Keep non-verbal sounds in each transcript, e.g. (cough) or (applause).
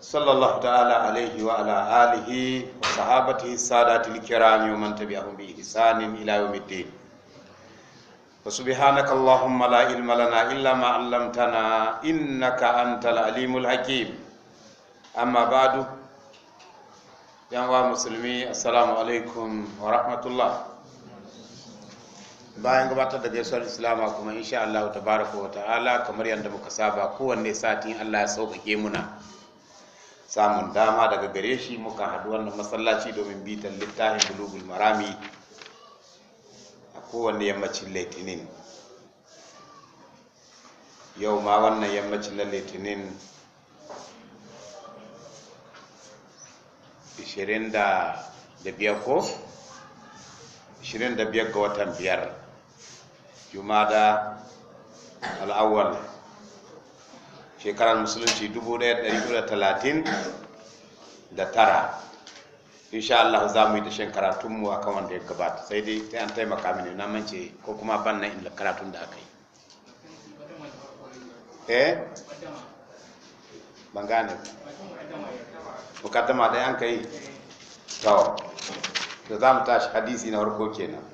sallallahu ta'ala alaihi wa ala alihi wa sahabatihi sadatil kirami wa man tabi'ahum bi ihsanin ila yawmiddin wa subhanaka allahumma la ilma lana illa ma 'allamtana innaka antal alimul hakim amma ba'du yan wa musulmi assalamu alaikum wa bayan gabatar da gaisuwar islama kuma insha Allah tabaraka wa ta'ala kamar yadda muka saba kowanne satin Allah ya sauƙaƙe muna samun dama daga gare shi muka haɗu wannan masallaci domin bitan littafin bulugul marami a kowane yammacin laitinin. yau ma wannan yammacin na litinin 25 ga watan biyar da al'awwal shekarar musulunci 1939 insha Allah za mu yi dashen karatunmu a kan wanda ya gabata sai dai ta an taimaka mini na mance ko kuma ban na inda karatun da aka yi eh ban gane mukaddama da an yi tawa da za mu tashi hadisi na harko kenan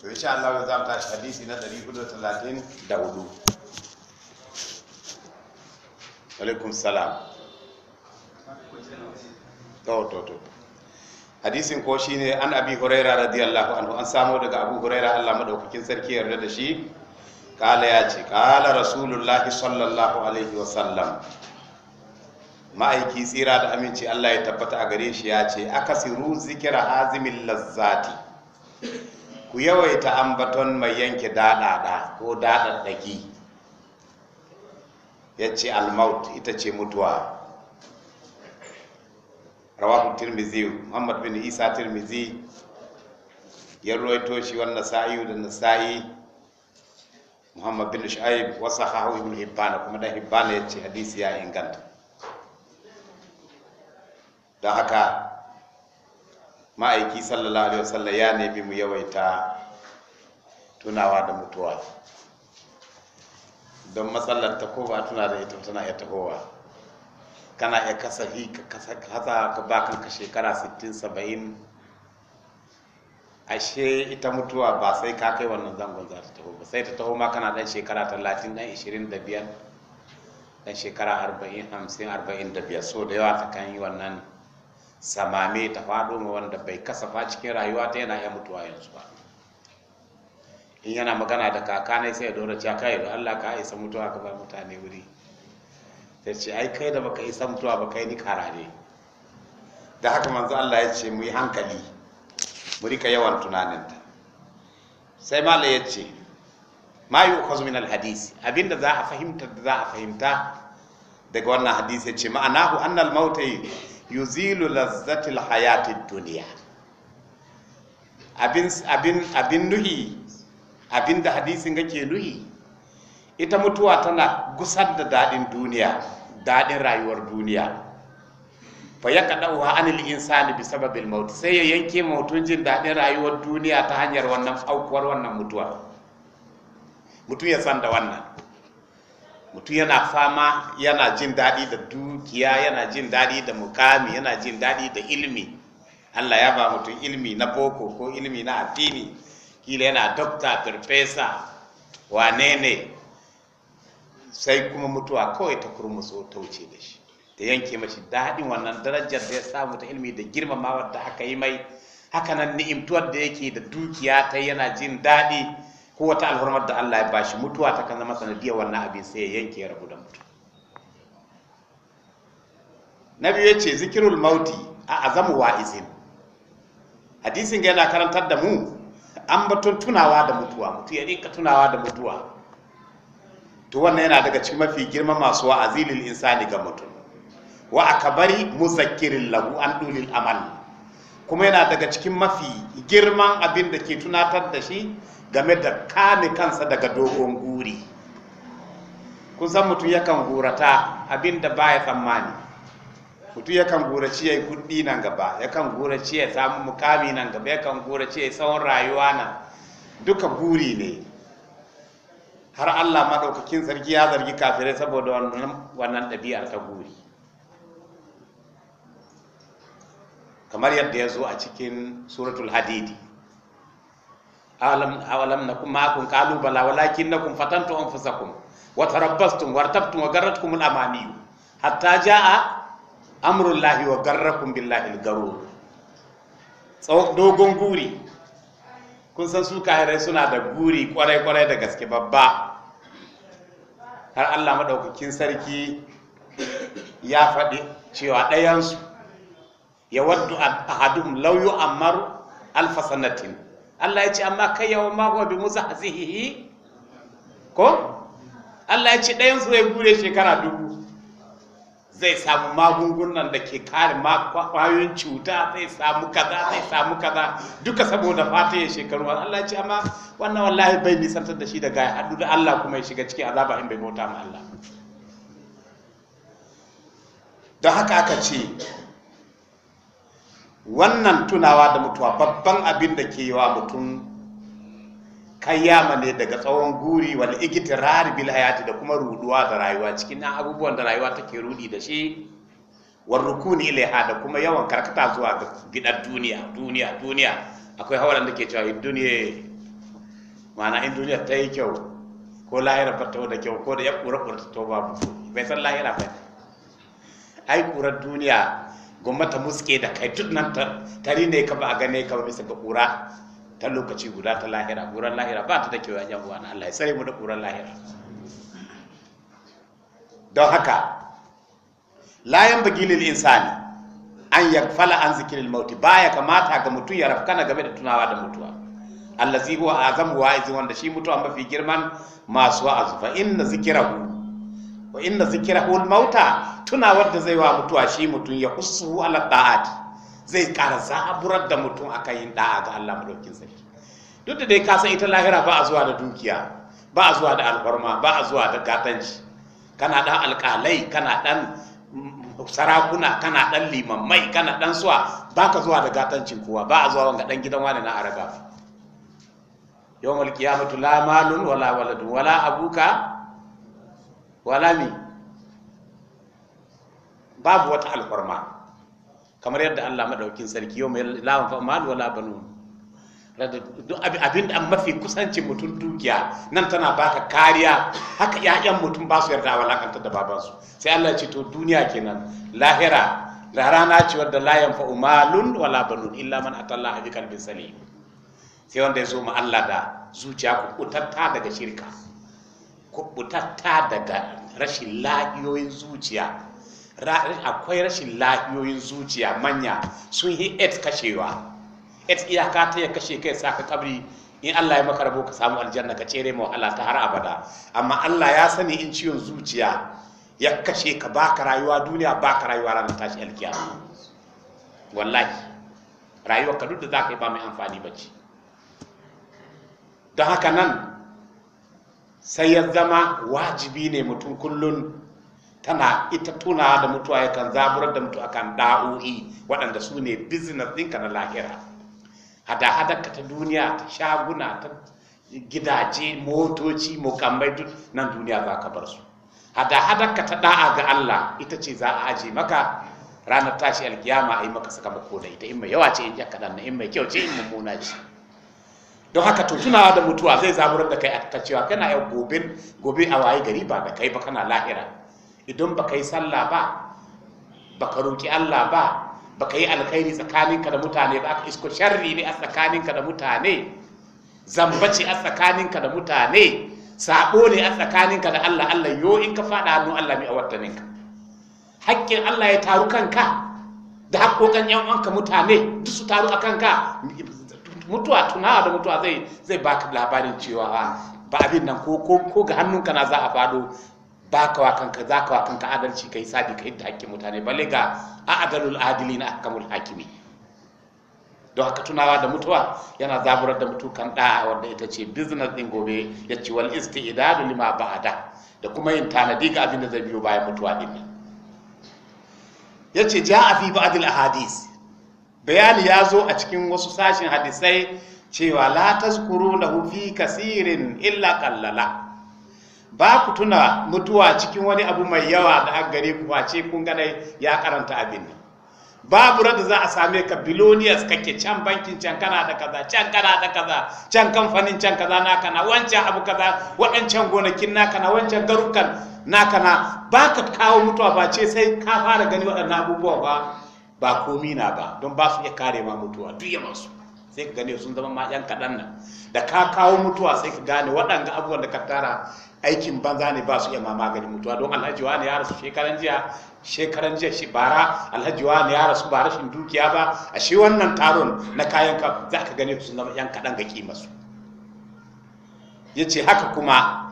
to insha Allah za mu tashi hadisi na 434 alaikun salam to hadisin ko shi ne an abi huraira radiyallahu anhu an samo daga abu huraira Allah maɗaukakin sarki yarda da shi kala ya ce kala rasulullahi sallallahu alaihi wasallam ma'aiki tsira da aminci Allah ya tabbata a gare shi ya ce siru zikira azimin lazzati ku yawaita ambaton mai yanke daɗaɗa ko daɗaɗɗaki ya ce almaut ita ce mutuwa rawahu tirmizi muhammad bin isa tirmizi ya ruwaito shi wannan sa'iyu da nasa'i muhammad bin shu'aib wa sahahu ibn hibban kuma da hibban ya ce hadisi ya inganta Da haka ma'aiki sallallahu alaihi wasallam ya nemi mu yawaita tunawa da mutuwa don matsalar ta ko ba tuna da ita tana iya tahowa kana iya kasafi ka kasa ka ba kanka shekara 60 70 ashe ita mutuwa ba sai ka kai wannan zangon za ta taho ba sai ta taho ma kana dan shekara 30 dan 25 dan shekara 40 50 45 so da yawa ta kan yi wannan samame ta faɗo ma wanda bai kasafa cikin rayuwa ta yana ya mutuwa yanzu ba in yana magana da kakanai sai ya dora cewa kai da Allah ka isa mutuwa ka ba mutane wuri ta ce ai kai da baka isa mutuwa ba kai ni karare da haka manzo Allah ya ce mu yi hankali mu rika yawan tunaninta sai malai ya ce ma yi ukwazu min alhadisi abinda za a fahimta da za a fahimta daga wannan hadisi ya ce ma'anahu annal mautai yuzilu lazzatil hayatid duniya abin abin abin nuhi abin da hadisin kake nuhi ita mutuwa tana gusar da dadin duniya dadin rayuwar duniya fa ya kadauha anil insani bi sababil maut sai ya yanke mautun jin dadin rayuwar duniya ta hanyar wannan aukuwar wannan mutuwa mutum ya san da wannan mutum yana fama yana jin daɗi da dukiya yana jin daɗi da mukami yana jin daɗi da ilmi allah ya ba mutum ilmi na boko ko ilmi na addini kila yana dokta farfesa wane ne sai kuma mutuwa kawai ta kurmuso ta wuce da shi da yanke mashi daɗin wannan darajar da ya samu ta ilmi da girmamawar da aka yi mai hakanan ni'imtuwar da yake da dukiya ta yana jin daɗi ko wata alhormar da Allah ya bashi mutuwa ta kan zama sanadiyar wannan abin sai ya yanke ya rabu da mutu na biyu ya ce zikirul mauti a azamu wa'izin hadisin ga yana karantar da mu an batun tunawa da mutuwa mutu ya rinka tunawa da mutuwa to wannan yana daga cikin mafi girma masu wa'azinin lil insani ga mutum wa akabari muzakkirin lahu an dulil amal kuma yana daga cikin mafi girman abin da ke tunatar da shi game da kame kansa daga dogon guri kun san mutum yakan gurata ba baya tsammani mutum yakan gurace ya yi kuɗi nan gaba yakan gurace ya samu mukami nan gaba yakan gurace ya tsawon rayuwa nan duka guri ne har allah maɗaukakin sarki ya zargi kafirai saboda wannan ɗabi'ar ta guri kamar yadda ya zo a cikin suratul hadidi alam awalam nakum ma'akum qalu bala walakinnakum fatantu anfusakum wa tarabbastum tartabtum wa garratkum al amani hatta jaa llahi wa garrakum billahi al-garur dogon guri kun san su kahirai suna da guri kwarai-kwarai da gaske babba har allah madaukakin sarki ya faɗi cewa ɗayansu ya waddu ahaduhum lauyu amaru alfasanatin Allah ya ce amma kai yawan ma bi bi muzahzihi ko Allah ya ce ɗayan su zai gure shekara dubu zai samu magungunan da ke kare kwayoyin cuta zai samu kaza zai samu kaza duka saboda fata ya shekaru Allah ya ce amma wannan wallahi bai nisantar da shi daga ya haɗu da Allah kuma ya shiga cikin azaba in bai bauta ma Allah don haka aka ce wannan tunawa da mutuwa babban abin da ke wa mutum kayyama ne daga tsawon guri wal igtirar bil hayati da kuma ruduwa da rayuwa cikin nan abubuwan da rayuwa take rudi da shi war rukuni ilaiha da kuma yawan karkata zuwa ga gidan duniya duniya duniya akwai hawalan da ke cewa in duniya ma'ana in duniya ta yi kyau ko lahira ba ta da kyau ko da ya kura kura ta toba bai san lahira ba ai kura duniya gwamnata muske da kai duk nan tari ne ka ba a gane ka ba bisa ga kura ta lokaci guda ta lahira kuran lahira ba ta da kewa yan uwa na Allah ya tsare mu da kuran lahira don haka la yan bagilil insani an yakfala an zikiril mauti baya kamata ga mutum ya rafkana game da tunawa da mutuwa allazi huwa wa izi wanda shi mutuwa mafi girman masu wa'azu fa inna zikirahu wa inna zikirahu al-mauta tunawar da zai wa mutuwa shi mutum ya kusu ala da'ati zai kara zaburar da mutum akan yin da'a ga Allah madaukin sarki duk da dai ka san ita lahira ba a zuwa da dukiya ba a zuwa da alfarma ba a zuwa da gatanci kana dan alƙalai kana dan sarakuna kana dan limammai kana dan suwa ba ka zuwa da gatancin kowa ba a zuwa wanga dan gidan wani na araba yawon qiyamatu la malun wala waladun wala abuka wala mi babu wata alfarma kamar yadda Allah madaukin sarki yau mai lawan fa mal wala banu. abin mafi kusancin mutum dukiya nan tana baka kariya haka 'ya'yan mutum ba su yarda walakantar da babansu sai Allah ya ce to duniya kenan lahira da rana ce wadda la yanfa malun wala banu illa man atalla bi kalbin salim sai wanda ya zo ma Allah da zuciya kubutatta daga shirka kubutatta daga rashin la'iyoyin zuciya akwai rashin lahiyoyin zuciya manya sun yi et kashewa et iyaka ta ya kashe kai sa ka kabri in Allah ya maka rabo ka samu aljanna ka cere mu wahala ta har abada amma Allah ya sani in ciwon zuciya ya kashe ka baka rayuwa duniya baka rayuwa ranar tashi alkiyama wallahi rayuwa ka duk da zaka yi ba mai amfani ba ci don haka nan sai ya zama wajibi ne mutum kullun. tana ita tuna da mutuwa kan zaburar da mutu akan da'o'i waɗanda su ne business ka na lahira hada hada ka ta duniya ta shaguna ta gidaje motoci mukammai duk nan duniya za ka bar su hada hada ka ta da'a ga Allah ita ce za a aje maka ranar tashi alkiyama a yi maka sakamako da ita in mai yawa ce in ya kaɗan na in mai kyau ce in mummuna ce don haka to tunawa da mutuwa zai zaburar da kai a cewa kana yau gobe a waye gari ba da kai ba kana lahira idan baka yi sallah ba baka roƙi Allah ba baka yi alkhairi tsakaninka da mutane ba aka isko sharri ne a tsakaninka da mutane zamba ce a tsakaninka da mutane sabo ne a tsakaninka da Allah Allah yo in ka fada hannu Allah mai ka. hakkin Allah ya taru kanka da haƙoƙan yan uwanka mutane duk su taru a kanka mutuwa tunawa da mutuwa zai zai baka labarin cewa ba abin nan ko ko ga hannunka na za a fado ba ka wa kanka za ka wa kanka adalci kai sabi kai da hakkin mutane balle ga a'adalul adili na akamul hakimi don haka tunawa da mutuwa yana zaburar da mutukan da wanda ita ce business din gobe ya ce wal istidadu lima ba'da da kuma yin tanadi ga abin da zai biyo bayan mutuwa din nan yace ja'a fi ba'dil ahadith bayani ya zo a cikin wasu sashin hadisai cewa la tazkuru lahu fi kasirin illa kallala. ba ku tuna mutuwa cikin wani abu mai yawa da an gare ku face kun gane ya karanta abin nan babu da za a same ka biloniyas kake can bankin can kana da kaza can kana da kaza can kamfanin can kaza na kana wancan abu kaza waɗancan gonakin na kana wancan garukan na kana ba ka kawo mutuwa ba ce sai ka fara gani waɗannan abubuwa ba ba komi na ba don ba su iya kare ma mutuwa duk ya masu sai ka gane sun zama ma yan kaɗan nan da ka kawo mutuwa sai ka gane waɗanga abubuwan da ka tara aikin banza ne ba su iya ma maganin mutuwa don alhaji wani ya rasu shekaran jiya shekaran jiya shi bara alhaji wani ya rasu ba rashin dukiya ba a shi wannan taron na kayan ka za ka gani su zama yan kaɗan ga kimasu ya ce haka kuma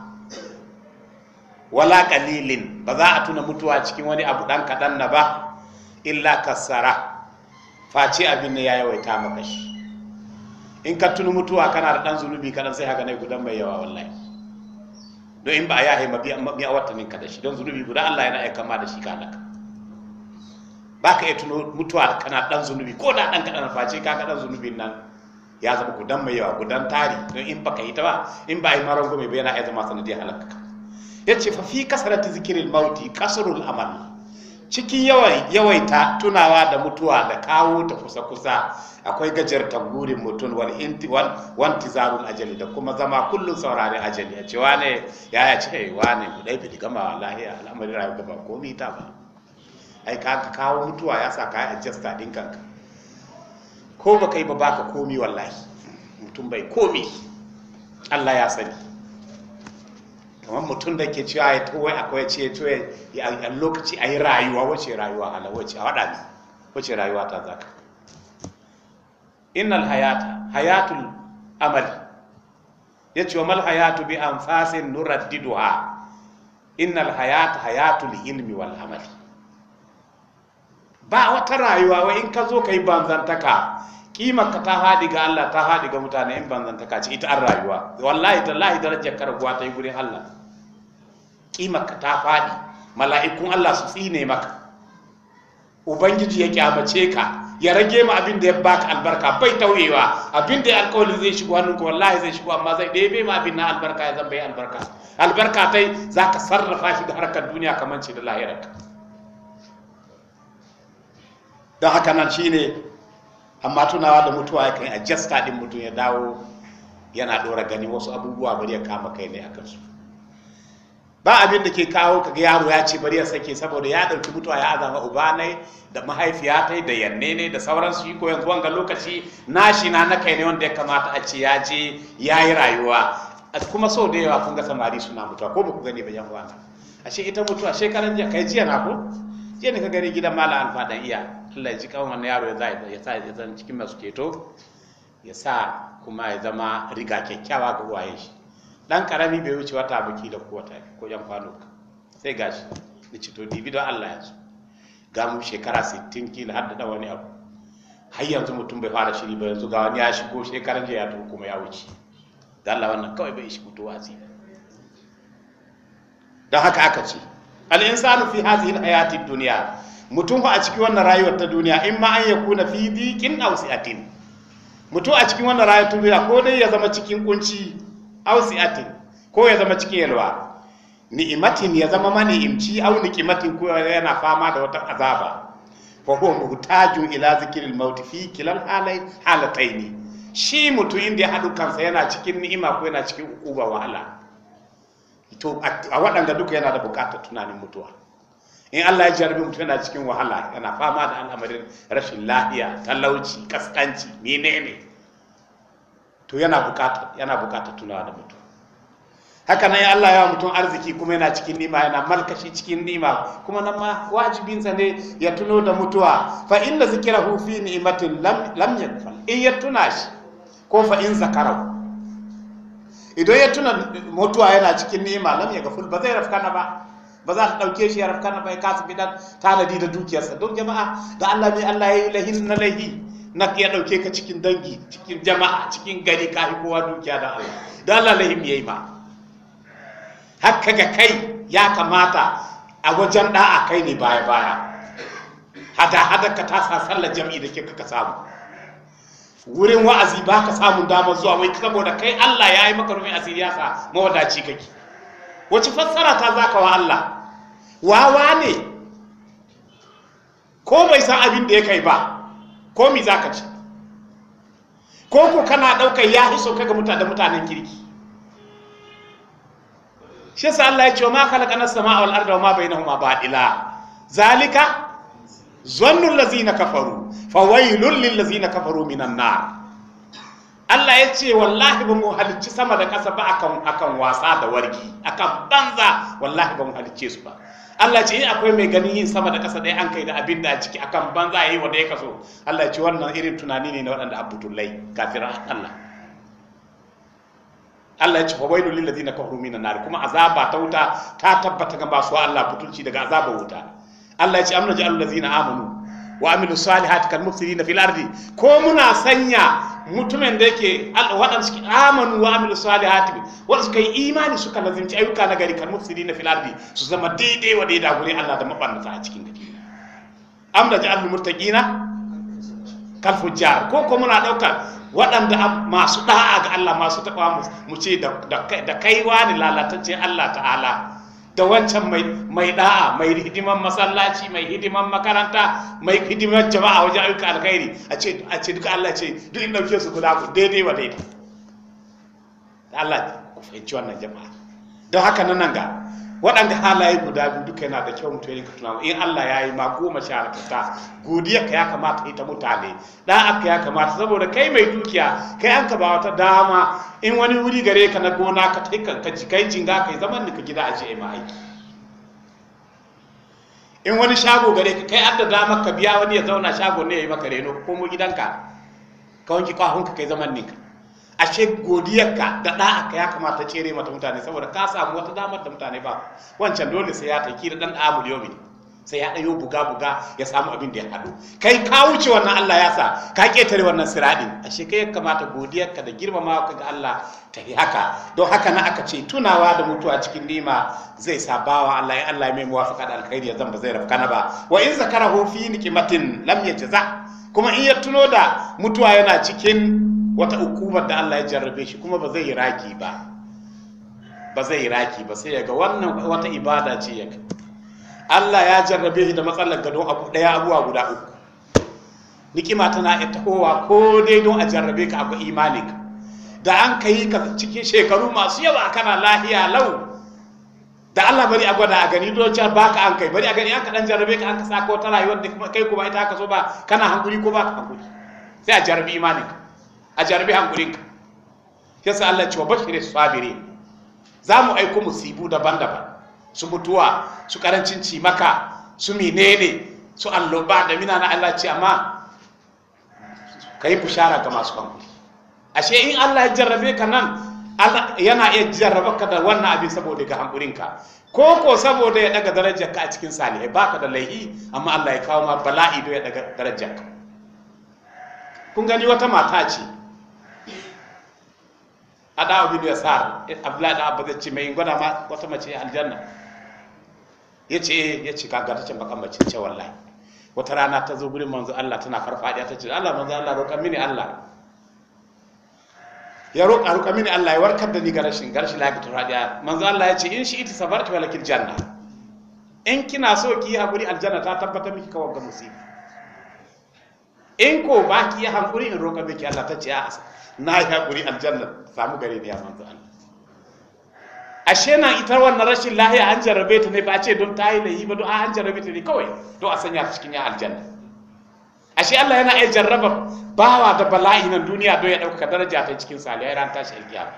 wala kalilin ba za a tuna mutuwa cikin wani abu ɗan kaɗan na ba illa kasara face abin ne ya yawaita maka shi in ka tuni mutuwa kana da ɗan zunubi kaɗan sai haka ne gudan mai yawa wallahi don in ba a yahe mabiya watannin ka da shi don zunubi guda Allah yana aika ma da shi ka ba ka iya tuno mutuwa kana dan zunubi ko da dan kaɗan face ka dan zunubin nan ya zama gudan mai yawa gudan tari don in ba ka yi ta ba in ba yi maran ba yana iya zama sanadiyar halaka ya ce fa fi kasarati zikirin mauti kasrul amal cikin yawaita tunawa da mutuwa da kawo ta kusa-kusa akwai gajarta tagurin mutum wal intiwal wanti zarun ajali da kuma zama kullum sauraren ajali a cewa ne ya ya ce eh, ne mu dai fiti gama lahiya al'amari rayuwa ba komai ta ba ai ka kawo mutuwa ya sa ka adjust din kanka ko baka yi ba baka komi wallahi mutum bai komi Allah ya sani kamar mutum da ke cewa ya towai akwai ce ce a lokaci a yi rayuwa wace rayuwa hala wace a waɗa ne wace rayuwa ta zaka innal hayata hayatul amali ya ce wa mal hayatu bi an fasin diduwa, innal hayata hayatul ilmi wal amali ba wata rayuwa wa in ka zo ka yi banzantaka ka ta haɗi ga Allah ta haɗi ga mutane in banzantaka ce ita an rayuwa wallahi tallahi darajar karguwa ta yi gurin Allah kimaka ta faɗi mala'ikun Allah su tsine maka ubangiji ya kyamace ka ya rage ma abin da ya baka albarka bai tauyewa abin da ya alkawali zai shigo hannunka wallahi zai shigo amma zai ɗebe ma abin na albarka ya zan bai albarka albarka yi za ka sarrafa shi da harkar duniya kamar ce da lahirarka don haka nan shine amma tunawa da mutuwa ya kan ajasta ɗin mutum ya dawo yana ɗora gani wasu abubuwa bari ya kama kai ne a kansu ba abin da ke kawo kaga yaro ya ce bari ya sake saboda ya ɗauki mutuwa ya azama uba ne da mahaifiya ta da yanne ne da sauransu yi ko yanzu ga lokaci nashi na na kai ne wanda ya kamata a ce ya je ya yi rayuwa kuma so da yawa kun ga samari suna mutuwa ko baku ku gani ba yan uwa ashe ita mutuwa shekaran jiya kai jiya na ko jiya ne ka gani gidan malam alfa iya Allah ya ji kan wannan yaro ya sa ya zan cikin masu keto ya sa kuma ya zama riga kyakkyawa ga uwayen shi dan karami bai wuce wata baki da ko wata ko yan kwano sai gashi da cito dibi don Allah yanzu ga mu shekara 60 kila har da wani abu har yanzu mutum bai fara shiri ba yanzu ga wani ya shigo shekaran jiya to kuma ya wuce da Allah wannan kawai bai shi fito wazi don haka aka ce al insanu fi hadhihi al hayati dunya mutum a cikin wannan rayuwar ta duniya in ma an yakuna fi diqin aw si'atin mutum a cikin wannan rayuwar ta duniya ko dai ya zama cikin kunci aw ko ya zama cikin yalwa ni'imatin ya zama mani imci au ni'imatin ko yana fama da wata azaba fa huwa muhtaju ila zikril maut fi kilal halai halataini shi mutu inda ya haɗu kansa yana cikin ni'ima ko yana cikin ukuba wahala to a wadanda duka yana da bukatar tunanin mutuwa in Allah ya jarabi mutum yana cikin wahala yana fama da al'amarin rashin lafiya talauci kaskanci menene to yana bukata yana bukata tunawa da mutum haka nan Allah ya mutum arziki kuma yana cikin nima yana malkashi cikin nima kuma nan ma wajibin sa ne ya tuno da mutuwa fa inna zikrahu fi ni'matin lam lam yakfal in ya tuna shi ko fa in zakarahu idan ya tuna mutuwa yana cikin nima lam yakful ba zai rafkana ba ba za ta ɗauke shi ya rafkana ba ya kasu bidan tanadi da dukiyarsa don jama'a da Allah ne Allah ya yi lahin na lahi na ya ɗauke ka cikin dangi cikin jama'a cikin gari ka yi kowa dukiya da Allah da Allah lahim yayi ma haka ga kai ya kamata a wajen da'a kai ne baya baya hada hada ka ta sa sallar jami'i da ke ka samu wurin wa'azi ba ka samu damar zuwa wai saboda kai Allah ya yi maka rufin asiri ya sa mawadaci kake wace fassara ta zaka wa Allah wawa ne ko bai san abin da ya kai ba ko za ka ci ko ko kana ɗaukar ya fi sauka mutane mutanen kirki shi sa Allah ya ce ma khalaqa nas samaa wal arda wama bainahuma ba'ila zalika zannu allazina kafaru fa waylul lil lazina kafaru minan nar Allah ya ce wallahi ba mu halicci sama da kasa ba akan akan wasa da wargi akan banza wallahi ba mu halicce su ba Allah ce in eh, akwai mai ganin yin sama da ƙasa ɗaya an kai da abin da a ciki akan banza yi wanda ya kaso Allah ce wannan irin tunani ne na waɗanda kafin kafiran Allah Allah ya ce fa wailul ladina kafaru minan nar kuma azaba ta wuta ta tabbata ga masu Allah butulci daga azaba wuta Allah ya ce amna ja'al zina amanu wa amilu salihat kal mufsidina fil ardi ko muna sanya mutumin da yake wadan suke amanu wa amilu salihat wa suke yi imani suka lazimci ayyuka na gari kal mufsidina fil ardi su zama daidai wa daidai gure Allah da mabannata a cikin gari am da ja'alul murtaqina kal fujjar ko ko muna daukar waɗanda masu da'a ga Allah masu taɓa mu ce da kaiwa ne lalatacce Allah ta'ala da wancan mai da'a mai hidiman masallaci mai hidiman makaranta mai hidiman jama'a wajen ayyuka alkhairi a ce a ce duka Allah ce duk in dauke su guda ku daidai wa daidai Allah ku fahimci wannan jama'a don haka nan ga waɗanda halaye guda biyu duka yana da kyau mutum ka tunawa in Allah ya yi ma goma sha ta godiya ka ya kamata ita mutane da aka ya kamata saboda kai mai dukiya kai an ka ba wata dama in wani wuri gare ka na gona ka tai ka kai jinga kai zaman ka gida a je ma aiki in wani shago gare ka kai an dama ka biya wani ya zauna shago ne ya yi maka reno ko mu gidanka ka wanki ka kai zaman ka ashe godiyarka da ɗa'aka ya kamata cere mata mutane saboda ka samu wata damar da mutane ba wancan dole sai ya taiki da ɗan amul miliyomi sai ya ɗayo buga-buga ya samu abin da ya haɗu kai ka wuce wannan Allah ya sa ka ƙetare wannan siraɗin ashe kai ya kamata godiyarka da girmama ka ga Allah ta yi haka don haka na aka ce tunawa da mutuwa cikin nima zai sa bawa Allah ya Allah ya mai muwafaka da alkhairi ya zan ba zai na ba wa in zakara fi nikimatin lam yajza kuma in ya tuno da mutuwa yana cikin wata ukubar da Allah ya jarrabe shi kuma ba zai raki ba ba zai raki ba sai ga wannan wata ibada ce yaga Allah ya jarrabe shi da matsalar gadon abu daya abuwa guda uku nikima tana ita kowa ko dai don a jarrabe ka akwai imanin da an kai ka cikin shekaru masu yawa kana lahiya lau da Allah bari a gwada a gani don ba baka an kai bari a gani an ka dan jarrabe ka an ka sako ta rayuwar da kai kuma ita ka so ba kana hankuri ko ba ka hankuri sai a jarrabe imanin ka a jarabi hankulin ka yasa Allah cewa su sabiri za mu aiko musibu daban-daban su mutuwa su karancin cimaka su menene su alloba da mina na Allah ce amma ka yi bushara ga masu hankuli ashe in Allah ya jarrabe ka nan yana iya jarraba ka da wannan abin saboda ga ka ko ko saboda ya daga darajar ka a cikin salihai baka da laihi amma Allah ya kawo ma bala'i da ya daga darajar ka kun gani wata mata ce ada bin sa abdullahi da abba ce mai gwada ma wata mace aljanna yace yace ka gata ce eh, bakan mace ce wallahi wata rana ta zo gurin manzo Allah tana farfadiya ta ce Allah manzo Allah roƙa mini Allah ya roƙa roƙa mini Allah ya warkar da ni ga rashin garshi ta radiya manzo Allah ya ce in shi ita sabarta walakin janna in kina so ki yi hakuri aljanna ta tabbata miki kawai ga musibi in ko ba ki yi hakuri in roƙa miki Allah ta ce asa na yi haƙuri aljanna samu gare ni ya manzo Allah ashe na ita wannan rashin lahiya an jarrabe ta ne ba a ce don ta yi lahi ba don an jarrabe ta ne kawai don a sanya cikin ya aljanna ashe Allah yana iya jarraba bawa da bala'i na duniya don ya ɗauka daraja ta cikin saliya ran tashi alkiyama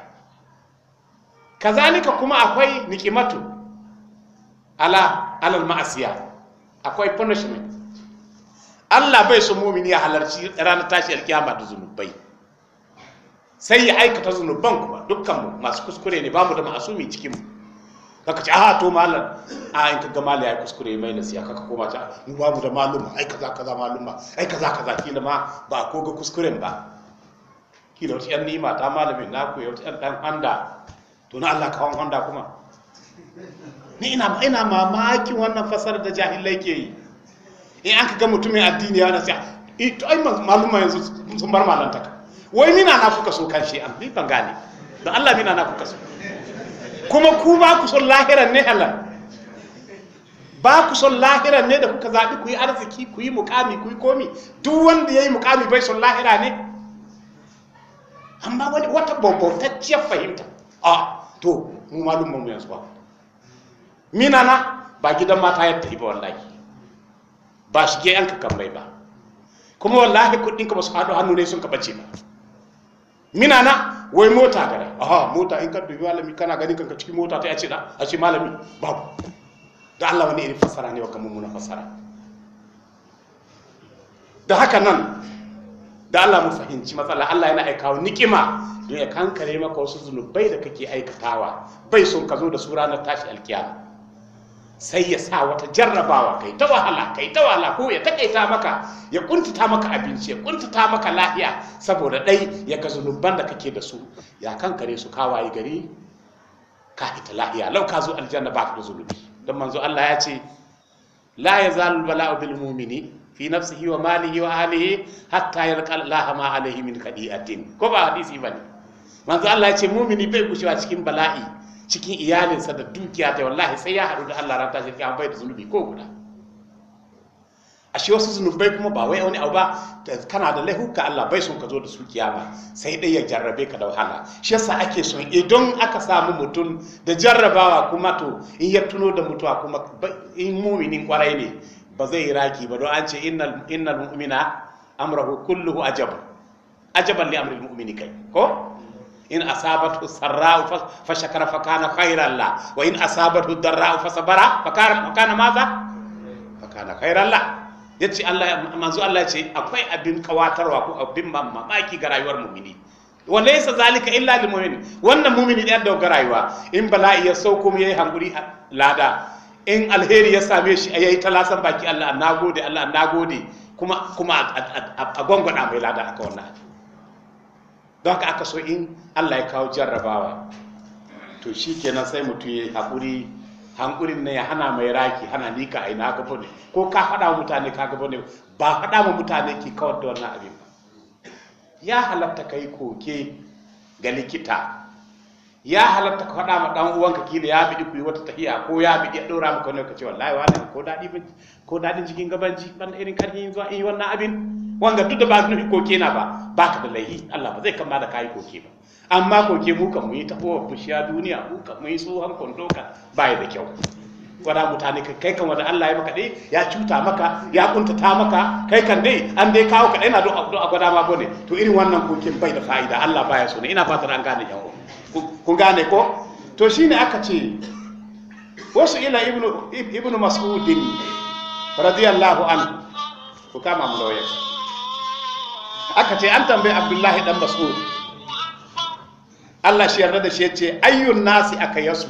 kazalika kuma akwai nikimatu ala alal ma'asiya akwai punishment Allah bai so mumini ya halarci ranar tashi alkiyama da zunubai sai ya aikata zunuban kuma dukkan masu kuskure ne bamu da ma'asumi cikin mu kaka ce aha to malam a in ka mali malam ya kuskure mai nasiya kaka koma ta mu bamu da maluma ai kaza kaza maluma ai kaza kaza kila ma ba ko ga kuskuren ba kila wata yan nima ta malami na ku ya wata yan dan handa to na Allah kawon handa kuma ni ina ina mamaki wannan fasar da jahilai ke yi in an kaga mutumin addini ya nasiya eh, to ai ma yanzu sun bar malantaka wai mina na kuka so kan shi an ni ban gane da Allah mina na kuka so kuma ku ba ku son lahiran ne halar ba ku son lahiran ne da kuka zaɓi ku yi arziki ku yi mukami ku yi komi duk wanda ya yi mukami bai son lahira ne amma wani wata bambautacciyar fahimta a to mu malum mu yanzu ba mina na ba gidan mata ya tafi ba wallahi ba shi ke yanka kan bai ba kuma wallahi kuɗin ka ba su haɗu hannu ne sun ka bace ba mina na wai mota gare aha mota in ka dubi malami kana gani kanka cikin mota ta yace da a ce malami babu da Allah wani irin fasara ne wa kamar muna fasara da haka nan da Allah mu fahimci matsala Allah yana aika wa nikima don ya kankare maka wasu zunubai da kake aikatawa bai son ka zo da su ranar tashi alkiyama sai ya sa wata jarrabawa kai ta wahala kai ta wahala ko ya takaita maka ya kuntata maka abinci ya kuntata maka lahiya saboda dai ya ga zunuban da kake da su ya kankare su kawaye gari ka ita lahiya lau ka zo aljanna ba ka da zunubi don manzo Allah ya ce la yazalu bala'u bil mu'mini fi nafsihi wa malihi wa alihi hatta yalqa Allah ma alaihi min qadi'atin ko ba hadisi bane manzo Allah ya ce mu'mini bai gushewa cikin bala'i cikin iyalinsa da dukiya ta wallahi sai ya haɗu da Allah ran shirki an bai da zunubi ko guda ashe wasu zunubai kuma ba wai wani abu ba kana da laihu laihuka Allah bai son ka zo da su kiyama sai dai ya jarrabe ka da wahala shi yasa ake son idan aka samu mutum da jarrabawa kuma to in ya tuno da mutuwa kuma in muminin kwarai ne ba zai yi raki ba don an ce innal mu'mina amrahu kulluhu ajab ajaban li amri mu'mini kai ko in asabatu sarra'u fa shakara fa kana khairan la wa in asabatu darra'u fa sabara fa kana kana maza fa kana khairan la yace Allah manzo Allah ce akwai abin kawatarwa ko abin mamaki ga rayuwar mu'mini wa laysa zalika illa lil mu'min wannan mu'mini da ga rayuwa in bala'i ya sauko yayi hankuri lada in alheri ya same shi a talasan baki Allah nagode Allah nagode kuma kuma a gwangwada mai lada aka wannan don haka aka so in Allah ya kawo jarrabawa to shi kenan sai mutum ya haƙuri hankulin ne ya hana mai raki hana ni ka aina ka bane ko ka faɗa mutane ka ga bane ba faɗa ma mutane ki kawar da wannan abin ba ya halatta kai koke ga likita ya halatta ka faɗa ma ɗan uwanka da ya biɗi kuyi wata tahiya ko ya biɗi ya ɗora maka ne ka ce wallahi wani ko dadi ko daɗin jikin gabanji ban irin karfin zuwa in yi wannan abin wanga tuta da ba nufi koke na ba ba ka da laihi Allah ba zai kama da kayi koke ba amma koke mu kan mu yi ko duniya mu kan mu yi tsohon kondo, kan ba da kyau wada mutane kai kan wanda Allah ya maka dai ya cuta maka ya ta maka kai kan dai an dai kawo ka dai na don a gwada ma bane to irin wannan kokin bai da fa'ida Allah baya so ne ina fatar an gane yan ku gane ko to shine aka ce wasu ila ibnu ibnu mas'udin radiyallahu anhu ku kama mu lawyer aka ce an tambayi abdullahi dan mas'ud Allah shi yarda da shi yace ayyun nasi aka yasu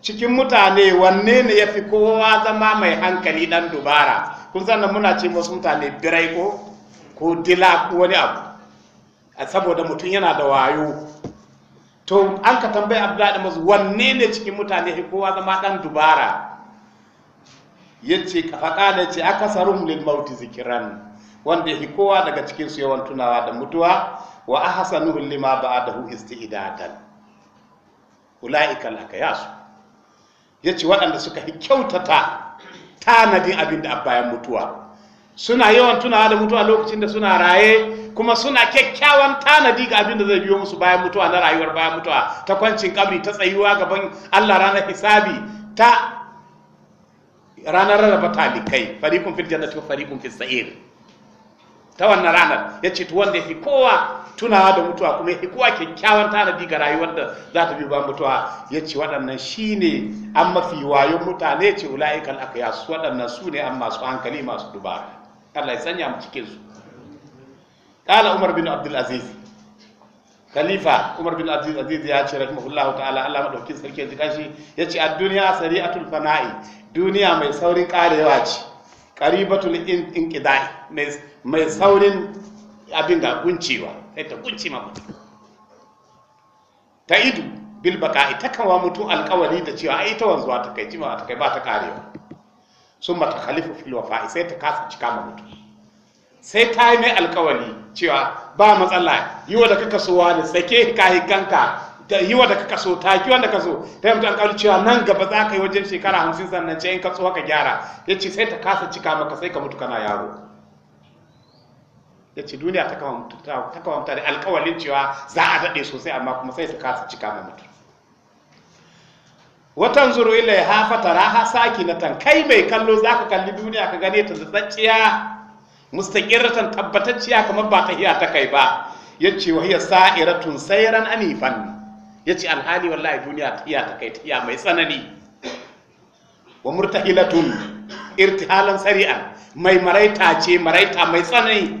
cikin mutane wanne ne yafi kowa zama mai hankali dan dubara kun san muna ce wasu mutane birai ko ko dila ko wani abu saboda mutum yana da wayo to an ka tambayi abdullahi dan mas'ud wanne ne cikin mutane yafi kowa zama dan dubara yace kafa kana ce akasarum lil mauti zikran wanda ya yake kowa daga cikin su yawan tunawa da mutuwa wa ahsanuhu lima ba'dahu isti'dadan ulaika ya ya yace waɗanda suka fi kyautata tanadin abin da bayan mutuwa suna yawan tunawa da mutuwa lokacin da suna raye kuma suna kyakkyawan tanadi ga abin da zai biyo musu bayan mutuwa na rayuwar bayan mutuwa ta kwancin kabri ta tsayuwa gaban Allah ranar hisabi ta ranar rarraba talikai fariqun fil jannati wa fariqun fis sa'ir ta wannan ranar ya ce wanda ya fi kowa tunawa da mutuwa kuma ya fi kowa kyakkyawan tanadi ga rayuwar da za ta bi ba mutuwa ya ce waɗannan shi ne an mafi wayon mutane ce ula'ikan aka yasu waɗannan su ne an masu hankali masu dubara Allah ya sanya mu cikin su ƙala umar bin abdul aziz khalifa umar bin abdul aziz ya ce rahimahullah ta'ala Allah madaukin sarki ya ji kashi ya ce a duniya sari'atul fana'i duniya mai saurin karewa ce qaribatul inqida'i mai mai saurin abin ga kuncewa sai ta kunce ma mutum ta idu bil baka'i ta kanwa mutum alkawali da cewa ai ta wanzuwa ta kai jima ta kai ba ta karewa sun mata khalifu fil wafa'i sai ta kasa cika ma mutum sai ta yi mai alkawali cewa ba matsala yi wa da kaka so wani sake kayi kanka da yi wa da kaka so ta ki wanda ka so ta yi mutum alkawari cewa nan gaba za ka yi wajen shekara hamsin sannan ce in ka so ka gyara ya ce sai ta kasa cika maka sai ka mutu kana yaro ya ce duniya ta kawamta da alkawalin cewa za a daɗe sosai amma kuma sai su kasa cika ma mutum watan zuru ila ya hafa raha saki na tankai mai kallo za ka kalli duniya ka gane ta zatsacciya mustaƙirratan tabbatacciya kamar ba ta hiya ta kai ba ya ce wa sa'ira sa'iratun sairan anifan ya ce alhali wallahi duniya ta hiya ta kai ta hiya mai tsanani wa murtahilatun irtihalan sari'an mai maraita ce maraita mai tsanani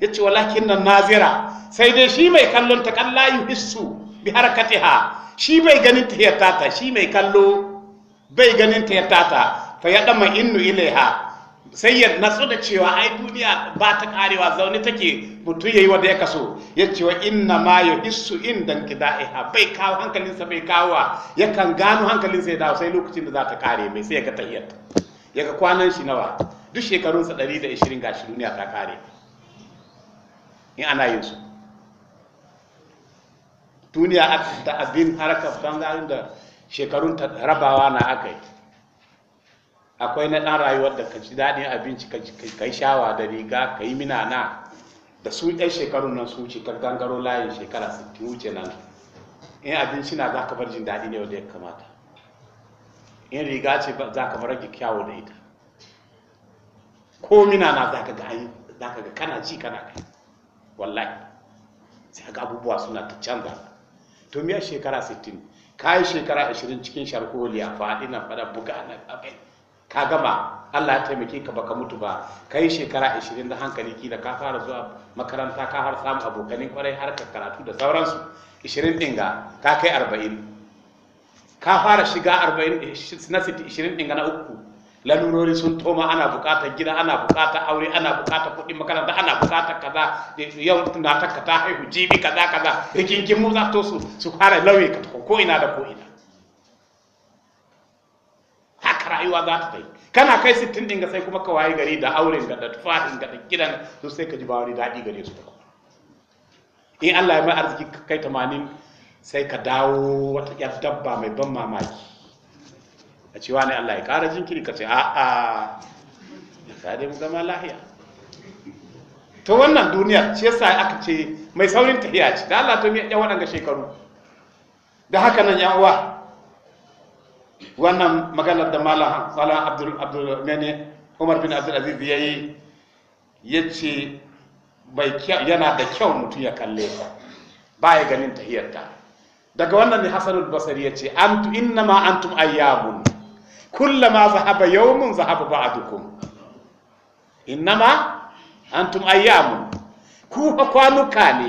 ya yace walakin nan nazira sai dai shi mai kallon ta yi hissu bi ha shi bai ganin ta ta shi mai kallo bai ganin ta ta fa ya dama innu ilaiha sai ya natsu da cewa ai duniya ba ta karewa zaune take mutum yayi wanda ya kaso ya ce wa inna ma yuhissu indan ha bai kawo hankalinsa bai kawo ya kan gano hankalinsa ya dawo sai lokacin da za ta kare mai sai ya ga tayyata ya ga kwanan shi nawa duk shekarunsa 120 gashi duniya ta kare in ana yin su duniya da abin harkar bangarin da shekarun rabawa na aka yi akwai na ɗan rayuwar da ka ci daɗin abinci ka yi shawa da riga ka yi minana da su ɗan shekarun nan su ce gangaro layin shekara 60 wuce nan in abinci na za ka bar jin daɗi ne wanda ya kamata in riga ce za ka bar rage kyawo da ita ko na za ka ga kana ci kana kai wallahi sai ga abubuwa suna ta canza to miya shekara 60 kai shekara 20 cikin sharholiya faɗi nan fada buga nan abai ka gama Allah ya taimake ka baka mutu ba kai shekara 20 da hankali kila ka fara zuwa makaranta ka har samu abokani kwarai har ka karatu da sauransu 20 dinga ka kai 40 ka fara shiga 40 eh, na 20 dinga na uku lalurori sun toma ana bukatar gida ana bukatar aure ana bukatar kuɗin makaranta ana bukatar kaza yau na taka ta haihu jibi kaza kaza rikinkin mu za to su su fara lauye ka ko ina da ko ina haka rayuwa za ta yi kana kai sittin ɗin ga sai kuma ka waye gari da auren ga da tufafin ga da gidan su sai ka ji ba wani daɗi gare su in Allah ya mai arziki kai tamanin sai ka dawo wata 'yar dabba mai ban mamaki a cewa ne Allah ya ƙara jinkiri ka ce a'a ya dai mu gama lahiya to wannan duniyar shi yasa aka ce mai saurin tahiya ce da Allah to ya waɗanga shekaru da haka nan yan uwa wannan maganar da malam sala abdul abdul mene umar bin abdul aziz yayi yace bai yana da kyau mutum ya kalle ta baya ganin tahiyarta daga wannan ne hasanul basari yace antu ma antum ayyamun kullama zahaba yawmun zahaba ba'dukum innama antum ayyamun ku fa kwanuka ne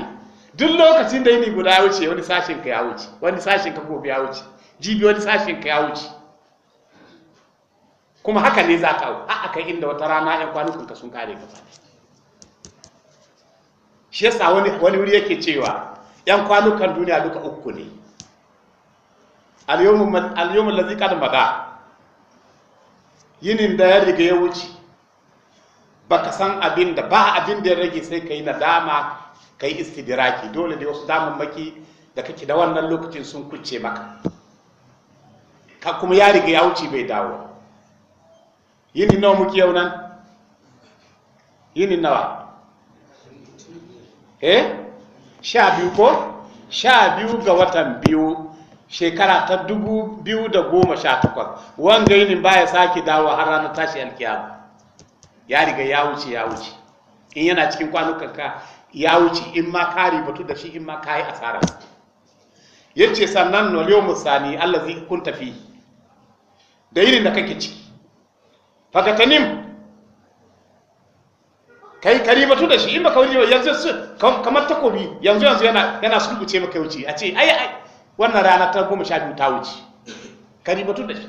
duk lokacin da yini guda ya wuce wani sashin ka ya wuce wani sashin ka gobe ya wuce jibi wani sashin ka ya wuce kuma haka ne za ka a aka inda wata rana yan kwanukan ka sun kare gaba shi yasa wani wani wuri yake cewa yan kwanukan duniya duka uku ne al-yawmu al-yawmu allazi qad mada yinin da ya riga ya wuce baka san abin da ba abin da ya rage sai ka yi nadama ka yi istidiraki dole ne wasu damammaki da kake da wannan lokacin sun kuce maka ka kuma ya riga ya wuce bai dawo yini nawa muke yau nan yini nawa eh sha biyu ko sha biyu ga watan biyu shekara ta dubu biyu da goma sha takwas wanga yinin baya sake dawo har ranar tashi alkiyama ya riga ya wuce ya wuce in yana cikin kwanukan ka ya wuce in ma ka ribatu da shi in ma ka yi Ya ce sannan no yau musani zai kun tafi da yinin da kake ciki fakatanim kai kari batu da shi in baka kawai yanzu kamar takobi yanzu yanzu yana yana sulbuce maka wuce a ce ai ai wannan rana ta goma sha biyu ta wuce karibatu da shi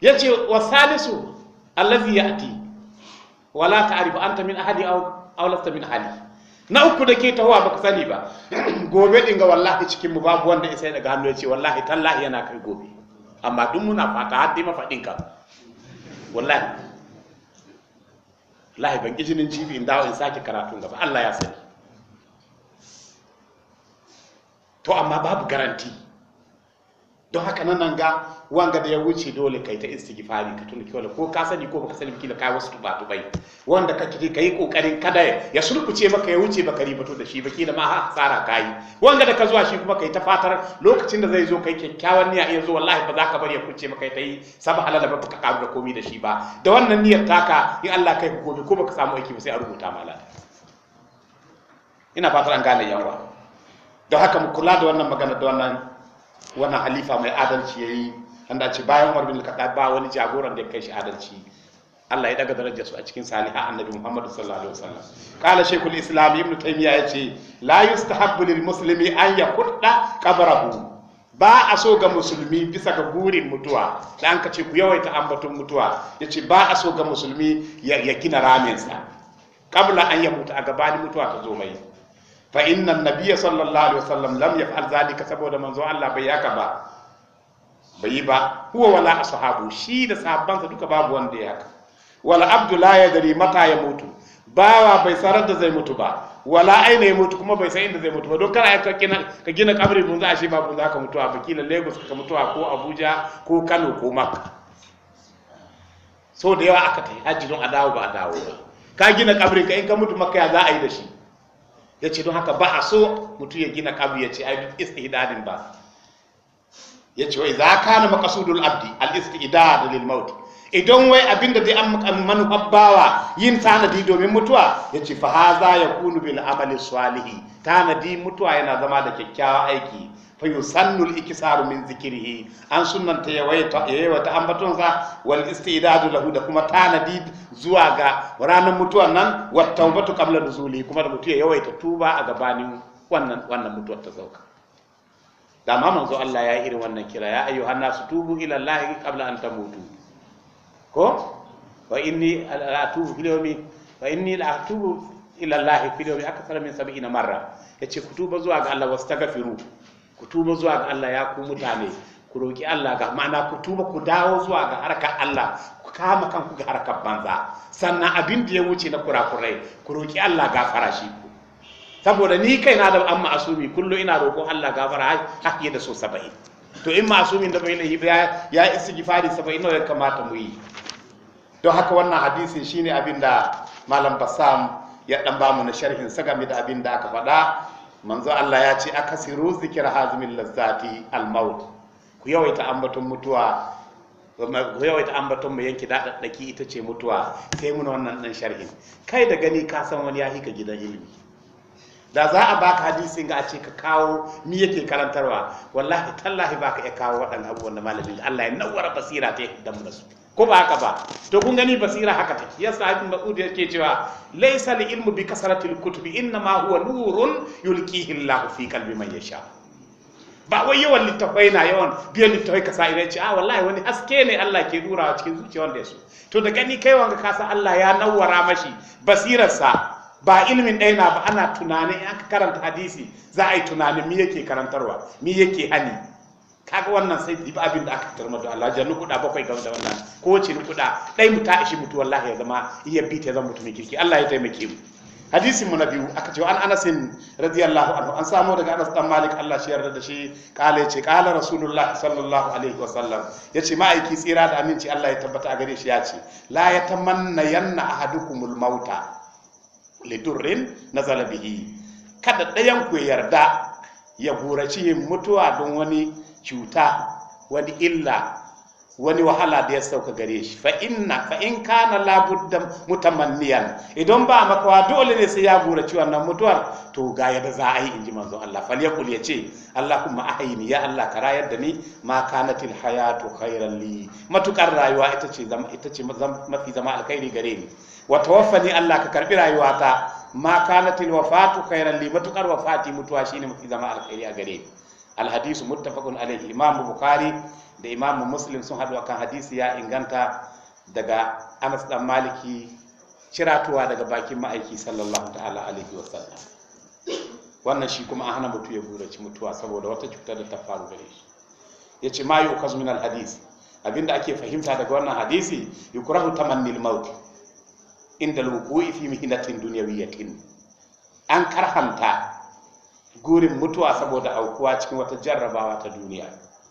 ya ce wa salisu allazi ya ati wala ta'rifu anta min ahadi aw aw lasta min ahadi na uku da ke tawa baka sani ba (clears throat) gobe din ga wallahi cikin mu babu wanda ya sai daga hannu ya ce wallahi tallahi yana kai gobe amma duk muna fata har dai mafadin ka wallahi wallahi ban jinin jibi in dawo in sake karatun gaba Allah ya sani to amma babu garanti don haka nan ga wanga da ya wuce dole kai ta istighfari ka tuna kiwala ko ka sani ko baka sani kila kai wasu tuba tubai wanda ka kike kai kokarin kada ya surkuce maka ya wuce baka ribato da shi ba da ma ha tsara kai wanga da ka zuwa shi kuma kai ta fatar lokacin da zai zo kai kyakkyawan niyya in zo wallahi ba za ka bari ya kuce maka ta yi saba halala ba baka karu da komai da shi ba da wannan niyyar taka in Allah kai ku gobe ko baka samu aiki ba sai a rubuta mala ina fatar an gane yawa don haka mu kula da wannan magana da wannan wannan halifa mai adalci ya yi an dace bayan umar bin al ba wani jagoran da ya kai shi adalci Allah ya daga darajar su a cikin saliha annabi Muhammad sallallahu alaihi wasallam qala shaykhul islam ibn taymiya ce, la yustahabbu lil muslimi an yakudda qabrahu ba a so ga musulmi bisa ga burin mutuwa da an kace ku yawaita ambaton mutuwa yace ba a so ga musulmi ya gina ramin sa an an mutu a gabanin mutuwa ta zo mai fa inna nabiyya sallallahu alaihi wasallam lam yaf'al zalika saboda manzo Allah bai yaka ba bai ba huwa wala ashabu shi da sa duka babu wanda ya wala abdu la yadri mata ya mutu bawa bai sarar da zai mutu ba wala aina ya mutu kuma bai san inda zai mutu ba don kana ka gina ka gina kabri mun za a shi babu za ka mutu a bakila Lagos ka mutu a ko Abuja ko Kano ko Makka so da yawa aka tai hajjin don a dawo ba a dawo ba ka gina kabri ka in ka mutu Makka ya za a yi da shi ya ce don haka ba a so mutum ya gina kabu ya ce ai duk istihdadin ba ya ce wai za ka na makasudul abdi al istihdad lil maut idan wai abinda dai an manufar bawa yin tanadi domin mutuwa ya ce fa haza ya kunu bil amali salihi tanadi mutuwa yana zama da kyakkyawa aiki fa yusannu ikisaru min zikirihi an sunnanta yawaita yawaita ambaton sa wal istidadu lahu da kuma tanadi zuwa ga ranar mutuwan nan wa tawbatu qabla nuzuli kuma da mutu ya yawaita tuba a gabanin wannan wannan mutuwar ta sauka da ma manzo Allah ya irin wannan kira ya ayyuhan nasu tubu ila Allah qabla an tamutu ko wa inni atubu fil yawmi wa inni la atubu ila Allah fi yawmi akthara min 70 marra yace ku tuba zuwa ga Allah wastaghfiru ku tuba zuwa ga Allah ya ku mutane ku roƙi Allah ga ma'ana ku tuba ku dawo zuwa ga harkar Allah ku kama kanku ga harkar banza sannan abin da ya wuce na kurakurai ku roƙi Allah gafara shi ku saboda ni kai na da an ma'asumi kullum ina roƙo Allah ga gafara hakiye da so saba'in to in ma'asumin da bai laifi ya ya istighfari 70 ne ya kamata mu yi don haka wannan hadisin shine abin da malam Bassam ya dan bamu na sharhin sa da abin da aka faɗa manzo Allah ya ce akasiru zikir hazmin lazzati al-maut ku yawaita ambaton mutuwa ku yawaita ambaton mu yanki dadaddaki ita ce mutuwa sai mun wannan dan sharhin kai da gani ka san wani ya hika gidan ilimi da za a baka hadisin ga a ce ka kawo mi yake karantarwa wallahi tallahi baka ya kawo wadannan abubuwan da malamin Allah ya nawar basira ta yadda mu da su ko ba haka ba to kun gani basira haka take yasa ibn mas'ud yake cewa laysa li ilmu bi kasratil kutubi inna ma huwa nurun yulqihi Allahu fi qalbi man yasha ba wai yawan littafai na yawan biyan littafai ka sa idan ce a ah, wallahi wani haske ne Allah ke rurawa cikin zuciyar da su to da gani kai wanga ka sa Allah ya nawwara mashi basirarsa ba ilmin ɗaya na ba ana tunanin aka karanta hadisi za a yi tunanin me yake karantarwa me yake hani kaga wannan sai dibi abin da aka fitar da Allah jannu kuda bakwai game da wannan ko wace kuda dai mu ta ishi mutu wallahi ya zama iya bi ta zama mutumin kirki Allah ya taimake mu hadisin mu na biyu aka ce an Anas radiyallahu anhu an samu daga Anas dan Malik Allah shi yarda da shi kala yace kala Rasulullah sallallahu alaihi wa sallam yace ma'aiki tsira da aminci Allah ya tabbata a gare shi ce la yatamanna yanna ahadukumul mauta lidurrin nazala bihi kada dayan ku yarda ya gurace mutuwa don wani cuta wani illa wani wahala da ya sauka gare shi fa inna fa in kana labudda mutamanniyan idan ba makawa dole ne sai ya gura ci wannan mutuwar to ga yadda za a yi inji manzo Allah fal yaqul ya ce Allahumma ahini ya Allah ka rayar da ni ma kanatil hayatu khairan li matukar rayuwa ita ce zama ita ce mafi zama alkhairi gare ni wa tawaffani Allah ka karbi rayuwa ta ma kanatil wafatu khairan li matukar wafati mutuwa shine mafi zama alkhairi a gare ni alhadisu muttafaqun alaihi imamu bukhari da imamu muslim sun haɗu akan hadisi ya inganta daga anas dan maliki ciratuwa daga bakin ma'aiki sallallahu ta'ala alaihi wasallam wannan shi kuma an hana mutu ya burace mutuwa saboda wata cutar da ta faru gare shi ya ce ma yu'kaz min alhadis abinda ake fahimta daga wannan hadisi yukrahu tamannil maut inda alwuqu'i fi mihnatin dunyawiyatin an karhanta gurin mutuwa saboda aukuwa cikin wata jarrabawa ta duniya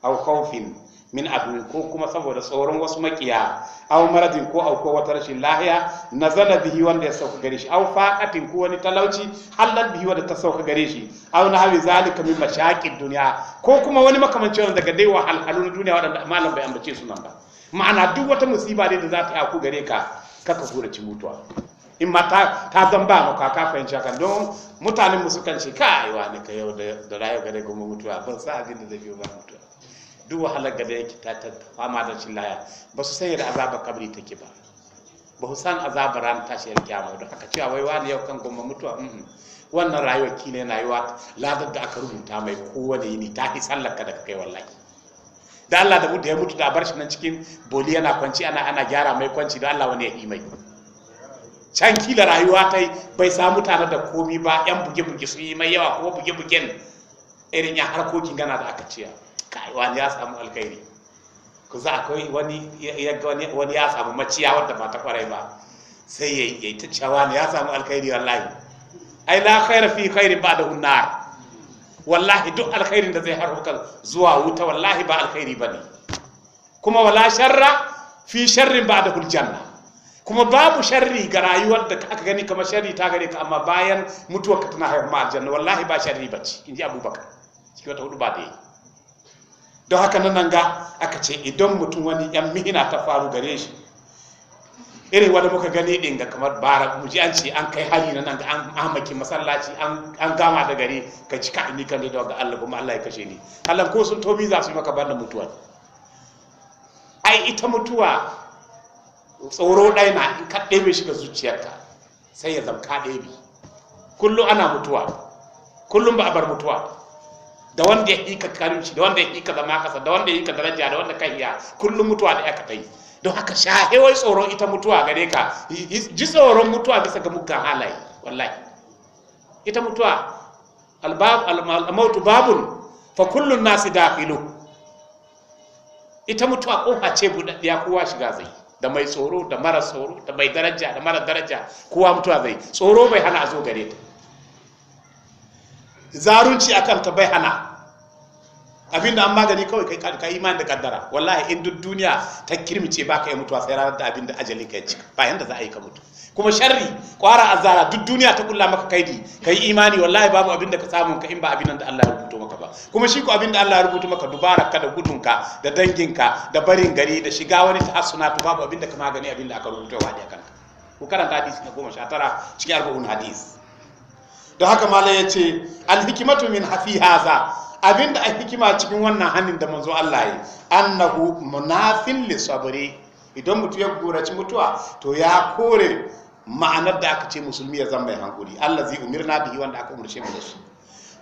au khawfin min abin ko kuma saboda tsoron wasu makiya au maradin ko auko wata rashin lahiya nazala bihi wanda ya sauka gare shi au faqatin ko wani talauci halal bihi wanda ta sauka gare shi au hawi zalika min mashaqid dunya ko kuma wani wanda daga dai wahalhalu na duniya wanda malam bai ambace su nan ba ma'ana duk wata musiba ne da za ta yi aku gare ka kaka kura ci mutuwa in ma ta zan ba maka ka fahimci haka don mutanen musu kan ce wa ne ka yau da rayu gare goma mutuwa ban sa abin da zai biyo ba mutuwa duk wahalar gada yake ta ta fama da shi laya ba su san yadda azabar kabri take ba ba su san azabar ran tashiyar kyama don haka cewa wai wani yau kan goma mutuwa wannan rayuwar kila na wa ladar da aka rubuta mai kowane yini ta fi sallaka daga kai wallahi da Allah da mutu ya mutu da bar shi nan cikin boli yana kwanci ana ana gyara mai kwanci da Allah wani ya yi mai can kila rayuwa ta bai samu tare da komi ba yan buge-buge sun yi mai yawa ko buge-bugen irin ya harkokin gana da aka ciya kaiwa ya samu alkhairi ku za akwai wani wani ya samu maciya wadda ba ta kwarai ba sai ya yi ta cewa ne ya samu alkhairi wallahi ai la khaira fi khairin da unnar. wallahi duk alkhairin da zai kan zuwa wuta wallahi ba alkhairi bane kuma wala sharra fi sharrin ba da huljanna kuma babu sharri ga rayuwar da aka gani kamar sharri ta gare ka amma bayan mutuwar ka tana haifar aljanna wallahi ba sharri ci inji abubakar ciki wata hudu ba da yi don haka nan ga aka ce idan mutum wani yan mihina ta faru gare shi irin wanda muka gani din ga kamar bara mu ji an ce an kai hari na nan ga an amaki masallaci an gama da gare ka cika ni kan da ga Allah kuma Allah ya kashe ni Allah ko sun tobi za su yi maka banda mutuwa ai ita mutuwa tsoro ɗaya na in ka ɗebe shi ga zuciyarka sai ya zama ka ɗebe kullum ana mutuwa kullum ba a bar mutuwa da wanda ya hika karimci da wanda ya hika zama kasa da wanda ya hika daraja da wanda ka iya kullum mutuwa da aka ta yi don haka shahewar tsoron ita mutuwa gare ka ji tsoron mutuwa bisa ga mukan halaye wallahi ita mutuwa mautu babun fa kullun nasi dakhilu ita mutuwa kofa ce budaddiya kowa shiga zai da mai tsoro da mara tsoro da mai daraja da mara daraja kowa mutuwa zai tsoro bai hana a zo gare ta zarunci akan ta bai hana abinda an magani kawai kai ka imani da kaddara wallahi in duk duniya ta kirmice ba ka yi mutuwa sai ranar da abinda ajali ka ci ba yanda za a yi ka mutu kuma sharri kwara azara duk duniya ta kulla maka kaidi kai imani wallahi babu abinda ka samu ka in ba abin da Allah ya rubuto maka ba kuma shi ko abinda Allah ya rubuto maka dubara ka da gudunka da danginka da barin gari da shiga wani to babu abinda ka magani abinda aka rubuto wa ne kanka ku karanta hadisi na goma sha cikin arba'un hadisi. don haka malai ya ce alhikimatu min hafi haza Abin da a hikima cikin wannan hannun da manzo Allah yi annahu munafin li sabri idan mutum ya goraci mutuwa to ya kore ma'anar da aka ce musulmi ya zama mai hankuri Allah zai umirna bihi wanda aka umarce mu da shi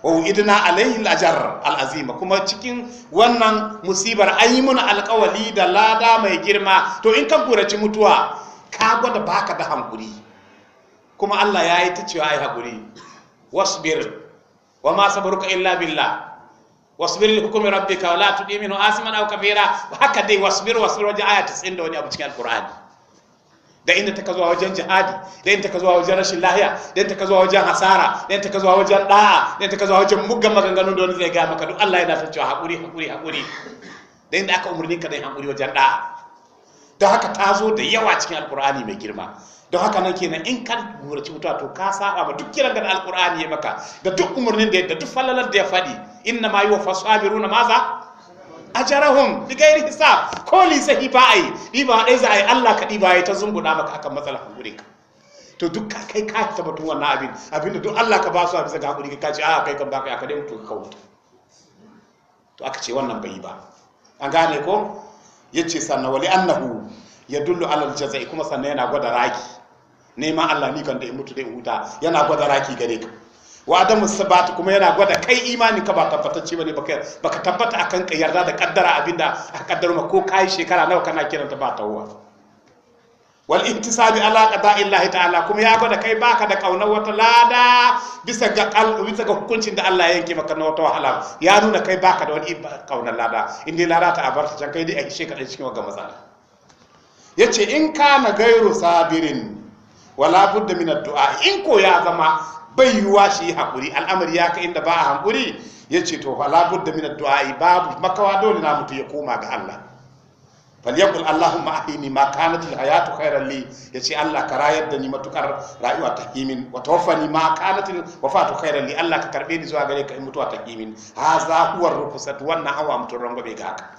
wa idna alaihi al-ajr kuma cikin wannan musibar an yi alƙawali da lada mai girma to in ka guraci mutuwa ka gwada baka da hankuri kuma Allah ya yi ta cewa ai hakuri wasbir wa ma sabruka illa billah wasbir li hukmi rabbika wa la tudi minhu asiman aw kabira wa haka dai wasbir wasbir wajen aya 90 da wani abu cikin alqur'ani da inda ta kazuwa wajen jihadi da inda ta kazuwa wajen rashin lahiya da inda ta kazuwa wajen hasara da inda ta kazuwa wajen da'a da inda ta kazuwa wajen muggan maganganun da wani zai ga maka duk Allah yana ta cewa hakuri hakuri hakuri da inda aka umurni ka dai hakuri wajen da'a da haka ta zo da yawa cikin alqur'ani mai girma don haka nan kenan in ka gurace wuta to ka saba ma duk kiran da alkur'ani ya maka da duk umarnin da da duk fallalar da ya faɗi inna ma yuwaffa sabiruna maza ajarahum bi ghairi hisab ko li sahi ba ai bi ba dai za ai Allah ka diba ai ta zunguna maka akan matsala hakuri ka to duk ka kai ka tabbatun wannan abin abinda duk Allah ka ba su a bisa ga hakuri ka ce a kai kan baka aka dai mutu ka wuta to aka ce wannan bai ba an gane ko yace sannan wali annahu yadullu alal jazai kuma sannan yana gwada raki neman Allah ni kan da in mutu in huta yana gwada raki gare ka wa adamu sabata kuma yana gwada kai imani ka ba tabbatacce bane baka baka tabbata akan ka yarda da kaddara abinda a kaddara ma ko kai shekara nawa kana kiran ta ba huwa wal intisabi ala qada'illahi ta'ala kuma ya gwada kai baka da kaunar wata lada bisa ga bisa ga hukuncin da Allah ya yanke maka na wata wahala ya nuna kai baka da wani kaunar lada in dai lada ta abarta can kai dai a shekara cikin wagga matsala yace in kana gairu sabirin wala budda min addu'a in ko ya zama bai yiwuwa shi yi hakuri al'amari ya kai inda ba a hakuri ya ce to wala budda min addu'a babu makawa dole na mutu ya koma ga Allah falyakul allahumma ahini ma kanat alhayatu khairan li yace Allah ka rayar da ni matukar rayuwa ta himin wa tawaffani ma kanat wafatu khairan li Allah ka karbe ni zuwa gare ka in mutuwa ta himin haza huwa rufsat wannan hawa mutun rango ga haka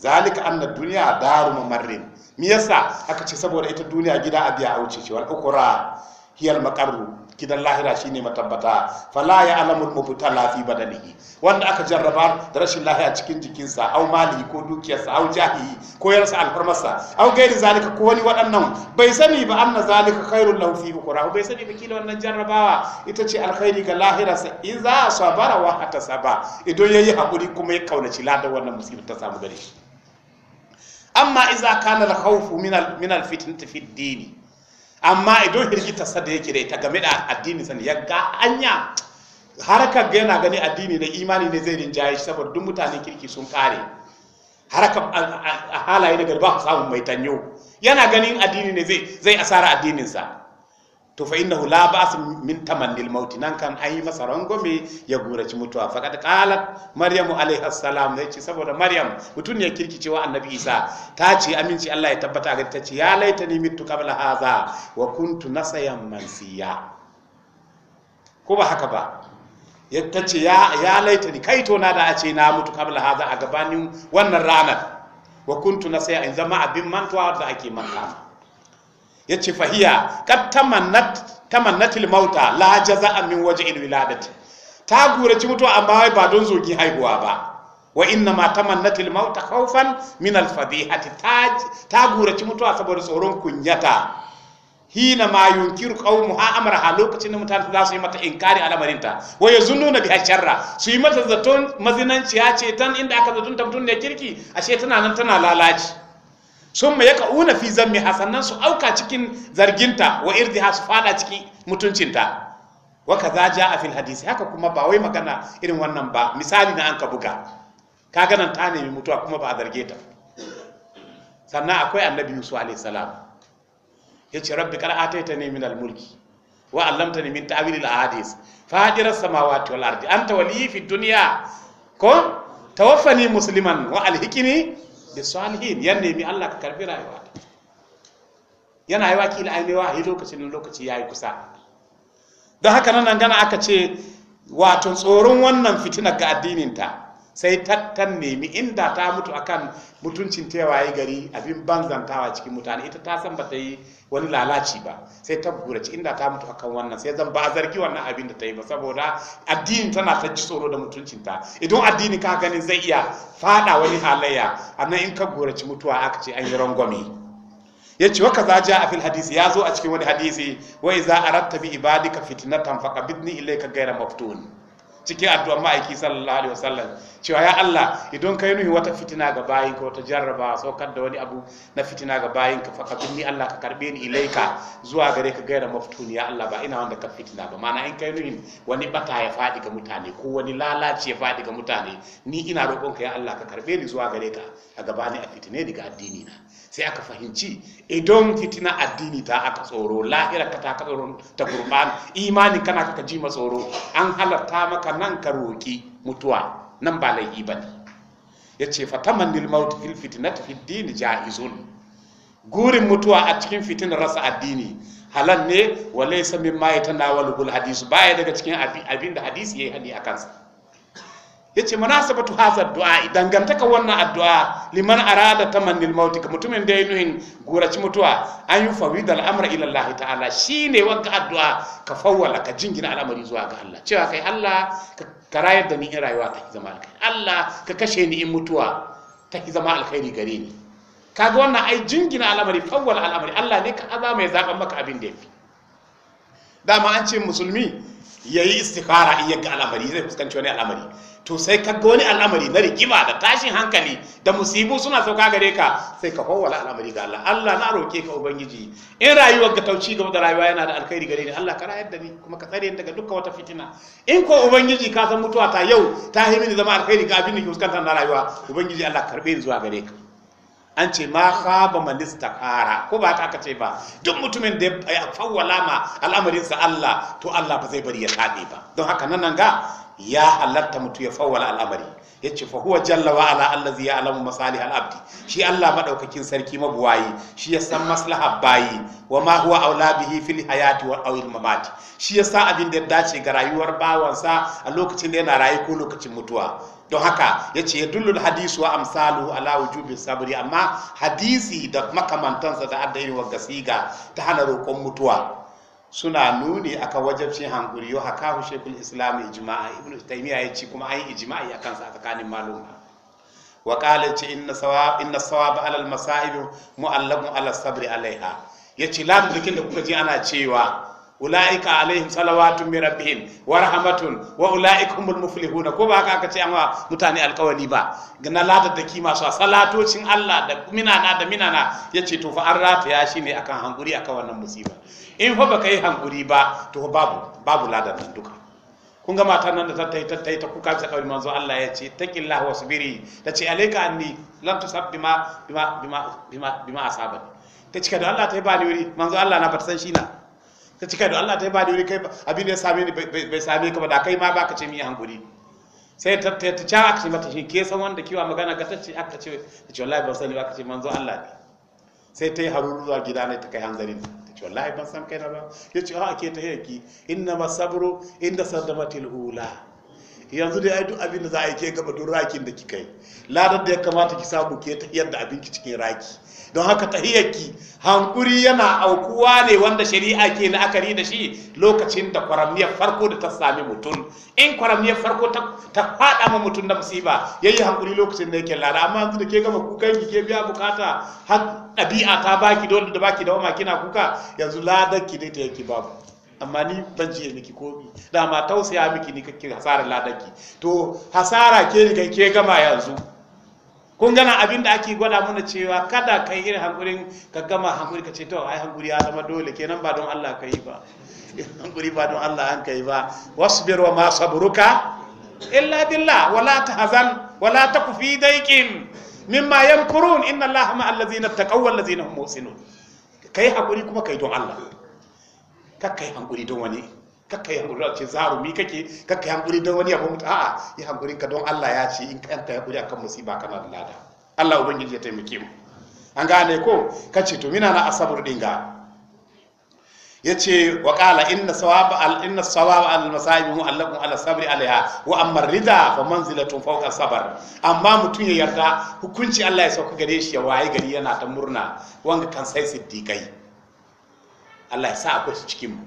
zalika anna duniya daru mamarrin mi yasa aka ce saboda ita duniya gida a biya wuce ce wal ukura hiyal maqarru gidan lahira shine matabbata fala ya alamul mubtala fi badanihi wanda aka jarraba da rashin lahiya cikin jikinsa au mali ko dukiyarsa au jahi ko yarsa alfarmarsa au gairi zalika ko wani waɗannan bai sani ba anna zalika khairul lahu fi ukura bai sani ba kila wannan jarrabawa ita ce alkhairi ga sa in za a sabara wa saba idan yayi hakuri kuma ya kaunaci ladan wannan musibar ta samu gare shi amma iza kana da khawfu min al fitnati dini amma idan hirgita sada yake da ita game da addini sani ya ga hanya harakar ga yana gani addini da imani ne zai rinjaye shi saboda duk mutane kirki sun kare harakar halaye da garba samun mai tanyo yana ganin addini ne zai asara sa. to fa innahu la ba'sa min tamannil mauti nan kan ayi yi masa rangwame ya ci mutuwa faqad qalat maryamu alaiha salam ne ci saboda maryam mutun ya cewa annabi isa ta ce aminci Allah ya tabbata ga ta ce ya laitani mitu qabla hadha wa kuntu nasayan mansiya ko ba haka ba ya ta ce ya laitani kai to na da a ce na mutu qabla hadha a gabanin wannan ranar wa kuntu nasaya in zama abin mantuwa da ake mantawa ya ce fahiya kad tamannatil mauta la jaza'a min waje il wiladati ta ci mutuwa amma wai ba don zogi haihuwa ba wa inna ma tamannatil mauta khawfan min al fadihati ta ci mutuwa saboda tsoron kunyata hina ma yunkiru qaumu ha lokacin da mutane za su yi mata inkari al'amarinta wa yazunnuna biha sharra su yi mata zaton mazinanci ya ce tan inda aka zaton ta ne kirki ashe tana nan tana lalaci Sun yaka una fi miha sannan su auka cikin zarginta wa ha su fada cikin mutuncinta wa ja a fil hadisi haka kuma ba wai magana irin wannan ba misali na an ka buga kaga nan ta nemi mutuwa kuma ba a zarge ta sannan akwai annabi yusuf alayhi salam ce rabbi kar qad ataitani min al mulki wa allamtani min ta'wil al ahadith ma samawati wal ardi anta waliyyi fid dunya ko tawaffani musliman wa alhikini da salihin ya nemi Allah ka karbi rayuwa yana yi wakil aimewa a yi lokacin lokaci ya yi kusa don haka nan gana aka ce wato tsoron wannan fitinar ga addininta sai ta nemi inda ta mutu akan mutuncin tewaye gari abin banzantawa cikin mutane ita ta san ba ta yi wani lalaci ba sai ta guraci, inda ta mutu akan wannan sai zan ba zargi wannan abin da ta yi ba saboda addini tana ta ji tsoro da mutuncin ta, idan addini ka ganin zai iya fada wani halayya amma in ka gurace mutuwa aka ce an yi rangwame ya ce waka za ja a fil hadisi ya zo a cikin wani hadisi wai za a rattabi ibadika fitnatan faqabidni ka gaira maftun cikin addu'a ma'aiki sallallahu alaihi wasallam cewa ya Allah idan kai nuhi wata fitina ga bayin ka wata jarraba saukar da wani abu na fitina ga bayin ka faka binni Allah ka karbe ni ilaika zuwa gare ka gaira maftuni ya Allah ba ina wanda ka fitina ba mana in kai nuhi wani bata ya fadi ga mutane ko wani lalaci ya fadi ga mutane ni ina roƙon ya Allah ka karbe ni zuwa gare ka a gabani a fitine daga addini na sai aka fahimci idan fitina addini ta aka tsoro lahira ka ta tsoro ta gurban imanin kana ka ji tsoro an halarta maka nan ka roƙi mutuwa nan ba laifi ba ya ce fatamannil maut fil fitinati fid din ja'izun gurin mutuwa a cikin fitina rasa addini halal ne wa laysa mimma yatanawalu hadisu baya daga cikin abin da hadisi yayi hani kansa. yace munasabatu hadha du'a dangantaka wannan addu'a liman arada tamanni al-maut ka mutumin da yayin guraci mutuwa an yi fawi da amr ila Allah ta'ala shine wanka addu'a ka fawwala ka jingina al'amari zuwa ga Allah cewa kai Allah ka rayar da ni in rayuwa ta zama alkhairi Allah ka kashe ni in mutuwa ta zama alkhairi gare ni kaga wannan ai jingina al'amari fawwala al'amari Allah ne ka azama ya zaba maka abin da yafi dama an ce musulmi ya yi istihara in yaga al'amari zai fuskanci wani al'amari to sai ka ga wani al'amari na rigima da tashin hankali da musibu suna sauka gare ka sai ka fawwala al'amari ga Allah Allah na roke ka ubangiji in rayuwar ga tauci gaba da rayuwa yana da alkhairi gare ni Allah ka rayar da ni kuma ka tsare ni daga dukkan wata fitina in ko ubangiji ka san mutuwa ta yau ta himini zama alkhairi ga abin da ke fuskanta na rayuwa ubangiji Allah karbe ni zuwa gare ka an ce ma khaba man istakara ko ba ka ce ba duk mutumin da ya fawwala ma al'amarinsa Allah to Allah ba zai bari ya kade ba don haka nan ga ya halatta mutu ya fawwala al'amari yace fa huwa jalla wa ala allazi ya'lamu masalih abdi shi Allah madaukakin sarki mabuwayi shi ya san maslaha bayi wa ma huwa aula bihi fil hayati wa awil mamati shi ya sa abin da ya dace ga rayuwar bawansa a lokacin da yana rayu ko lokacin mutuwa don haka ya ce dullul hadisu wa amsalu ala wujubi sabri amma hadisi da makamantansa da addayin wa gasiga ta hana roƙon mutuwa suna nuni aka wajabcin hankuri yau haka hu shekul islam ijma'a ibnu taymiya ya ce kuma an yi a kansa a tsakanin maluma wa qala ce inna sawab inna sawab ala al masa'ib mu'allaqun ala sabri alaiha yace lam dukin da kuka ji ana cewa ulaika alaihim salawatu min rabbihim wa rahmatun wa ulaika humul muflihun ko ba ka kace ce amma mutane alkawali ba na ladar da kima so salatocin Allah da minana da minana yace to fa an ya shine akan hankuri akan wannan musiba in fa baka yi hankuri ba to babu babu ladar nan duka kun ga matan nan da ta tai ta ta kuka ta kawai manzo Allah ya ce taqillahu wasbiri ta ce alayka anni lam tusab bima bima bima bima asabani ta cika da Allah ta yi ba ni wuri manzo Allah na fata san shi na ta cika da Allah ta yi ba da wuri kai abin da ya same ni bai same ka ba da kai ma ba ka ce mi hankuri sai ta ta ca aka ce mata shi ke san wanda kiwa magana ga tacce aka ce ta ce wallahi ban sani ba ka ce manzo Allah ne sai ta yi haruru zuwa gida ne ta kai hanzarin ta ce wallahi ban san kai na ba ya ce a ke ta ki inna masabru inda saddamatil hula yanzu dai ai duk abin da za a yi ke gaba duk rakin da kika yi ladar da ya kamata ki samu ke ta yadda ki cikin raki don haka tahiyyarki hankuri yana aukuwa ne wanda shari'a ke la'akari da shi lokacin da kwaramniyar farko da ta sami mutum in kwaramniyar farko ta fada ma mutum da musiba yi hankuri lokacin da yake lara amma yanzu da ke gama kukan ki ke biya bukata har ɗabi'a ta baki dole da baki da wama kina kuka yanzu ladar ki dai ta yake babu amma ni ban jiye miki komi dama tausaya miki ni kake hasarar ladar to hasara ke ni ke gama yanzu kun gana abin da ake gwada mana cewa kada ka yi irin hankulin ka gama hankuli ka ce to ai hankuli ya zama dole kenan ba don Allah ka yi ba (laughs) hankuli ba don Allah an ka yi ba wasbir wa ma sabruka illa billah wala tahzan wala taku fi daikin mimma yamkurun inna Allaha ma allazina taqaw wal ladzina hum muhsinun kai hakuri kuma kai don Allah kakkai hankuli don wani kakka ya hankuri ce zarumi kake kakka ya hankuri don wani abin mutu a'a yi hankurin ka don Allah ya ce in kanka ya hankuri akan musiba kana da lada Allah ubangiji ya taimake mu an gane ko ce to mina na asabur dinga yace wa qala inna sawaba al inna sawaba al masaibi mu'allaqun ala sabri wa amma rida fa manzilatun fawqa sabr amma mutun ya yarda hukunci Allah ya sauka gare shi ya waye gari yana ta murna wanga kan sai siddiqai Allah ya sa akwai cikin mu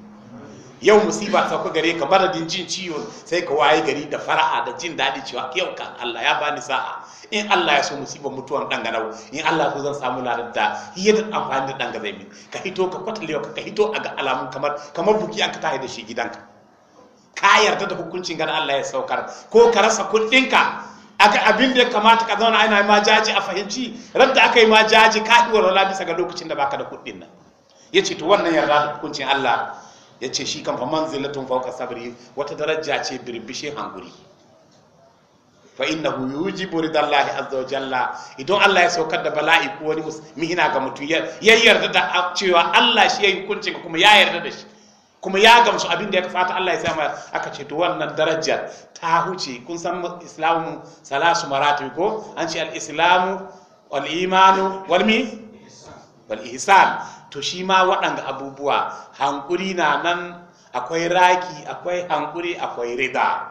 yau musiba sauka gare ka madadin jin ciwo sai ka waye gari da fara'a da jin daɗi cewa yau kan Allah ya bani sa'a in Allah ya so musiba mutuwan dan ganau in Allah so zan samu ladarta da yadda amfani da dan ga zai ka hito ka kwatalewa ka hito a ga alamun kamar kamar buki an ka tahi da shi gidanka ka yarda da hukuncin gan Allah ya saukar ko ka rasa kuɗinka aka abin da ya kamata ka zauna ina ma jaji a fahimci radda aka yi ma jaji ka ɗuwar wala bisa ga lokacin da baka da kuɗin nan ya ce to wannan yarda da hukuncin Allah ya ce shi kan faman zilatun fauka sabri wata daraja ce birbishin hanguri fa innahu yujibu azza wa jalla idan Allah ya saukar da bala'i ko wani musulmi ina ga mutum ya yarda da cewa Allah shi ya yi ka kuma ya yarda da shi kuma ya gamsu abin da ya fata Allah ya sa aka ce to wannan darajar ta huce kun san islamu salasu ko an ce al-islamu wal imanu wal mi wal ihsan to shi ma waɗanda abubuwa hankuri na nan akwai raki akwai hankuri akwai rida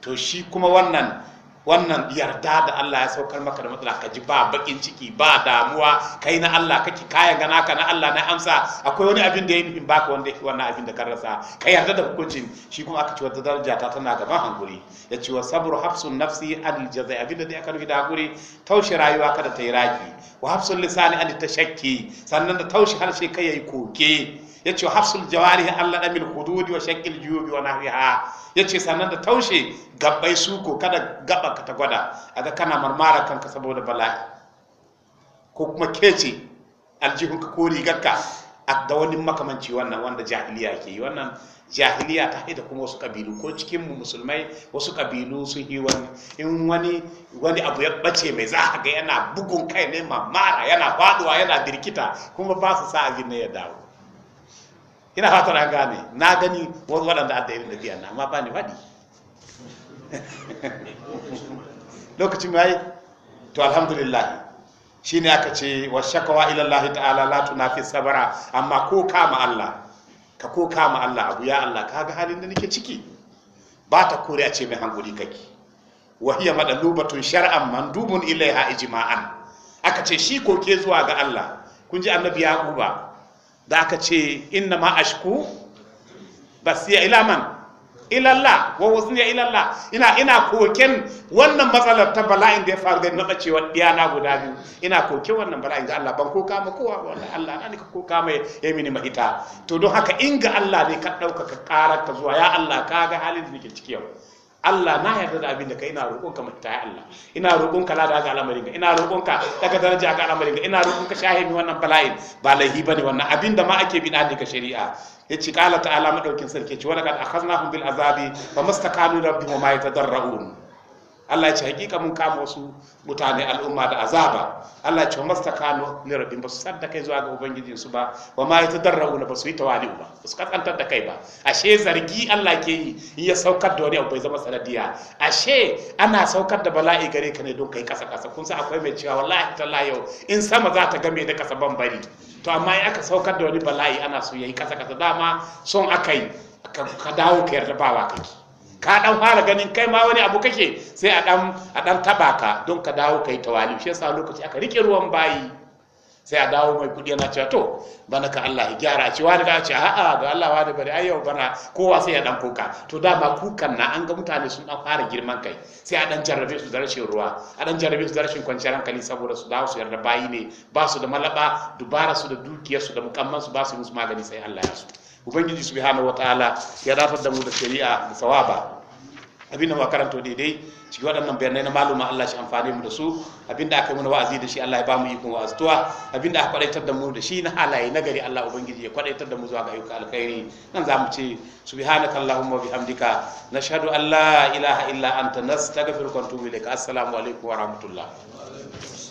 to shi kuma wannan wannan yarda da Allah ya saukar maka da matsala ka ji ba bakin ciki ba damuwa kai na Allah kake kayan gana ka na Allah na amsa akwai wani abin da ya nufin baka wanda yake wannan abin da ka rasa ka yarda da hukuncin shi kuma aka ci wata daraja ta tana gaban hankuri ya ce wa sabru hafsun nafsi adil jazai abin da aka nufi da hankuri taushe rayuwa kada ta yi raki wa hafsun lisani adil tashakki sannan da taushe harshe kai yayi koke yace hafsul jawarihi Allah damil hududi wa shakil juyubi wa nahriha yace sannan da taushe gabbai suko kada gaba ka ta gwada aga kana marmara kanka saboda bala'i ko kuma kece ka ko rigarka da wani makamanci wannan wanda jahiliya ke yi wannan jahiliya ta haida kuma wasu kabilu ko cikin mu musulmai wasu kabilu sun yi wani in wani wani abu ya bace mai za ga yana bugun kai ne mamara yana faduwa yana birkita kuma ba su sa abin ne ya dawo ina fata na gane na gani wasu waɗanda adda da tafiya na amma ba ni faɗi (laughs) lokacin ma yi to alhamdulillah shi ne aka ce wa shakawa ilallahi ta'ala la fi sabara amma ko kama Allah ka ko kama Allah abu ya Allah ka ga halin da nake ciki ba ta kore a ce mai hankuli kake wa hiya madalubatun shar'an mandubun ilaiha ijma'an aka ce shi koke zuwa ga Allah kun ji annabi ya ba da aka ce inna ma ashku basiya ila man ilallah wa wasniya ilallah ina ina koken wannan matsalar ta bala'in da ya faru da na bacewa diyana guda biyu ina koken wannan bala'in ga Allah ban ko kama kowa wallahi Allah na ne ka ko kama ya mini mahita to don haka in ga Allah ne ka dauka ka karar ka zuwa ya Allah ka ga halin da nake ciki yau Allah na yarda da abin da kai ina roƙon ka mutaya Allah ina roƙon ka lada ga al'amarin ina roƙon ka daga daraja ga al'amarin ina roƙon ka shahe mi wannan bala'in ba laihi bane wannan abin da ma ake bi da ka shari'a yace qala ta'ala madaukin sarki ce wala kad akhadnahum bil azabi famastakanu rabbihum ma yatadarrun Allah ya ce hakika mun kama wasu mutane al'umma da azaba Allah ya ce mastakano li Su basu sadda kai zuwa ga ubangijin su ba wa ma ba basu yi tawali ba su katsantar da kai ba ashe zargi Allah ke yi in ya saukar da wani abu bai zama sanadiya ashe ana saukar da bala'i gare ka ne don kai kasa kasa kun san akwai mai cewa wallahi ta yau in sama za ta game da kasa ban bari to amma in aka saukar da wani bala'i ana so yayi kasa kasa dama son akai ka dawo ka yarda ba wa kake ka dan fara ganin kai ma wani abu kake sai a dan a dan taba ka don ka dawo kai tawali shi yasa lokaci aka rike ruwan bayi sai a dawo mai kudi yana cewa to bana ka Allah ya gyara ci wani da ce a'a ga Allah wani bari ayyau yau bana kowa sai ya dan kuka to da ba kukan na an ga mutane sun dan fara girman kai sai a dan jarrabe su da ruwa a dan jarrabe su da rashin kwanciyar hankali saboda su dawo su yarda bayi ne ba su da malaba dubara su da dukiyar su da mukamman su ba su musu magani sai Allah ya su ubangiji subhanahu wataala ya dafar da mu da shari'a da sawaba abin da makaranto daidai cikin waɗannan bayanai na maluma Allah shi amfani mu da su abin da aka yi mana wa'azi da shi Allah ya ba mu ikon wa'azuwa abin da aka kwadaitar da mu da shi na halaye na gari Allah ubangiji ya kwadaitar da mu zuwa ga ayyuka alkhairi nan zamu ce subhanaka allahumma bihamdika nashhadu an la ilaha illa anta nastaghfiruka wa natubu ilaik assalamu alaikum wa rahmatullah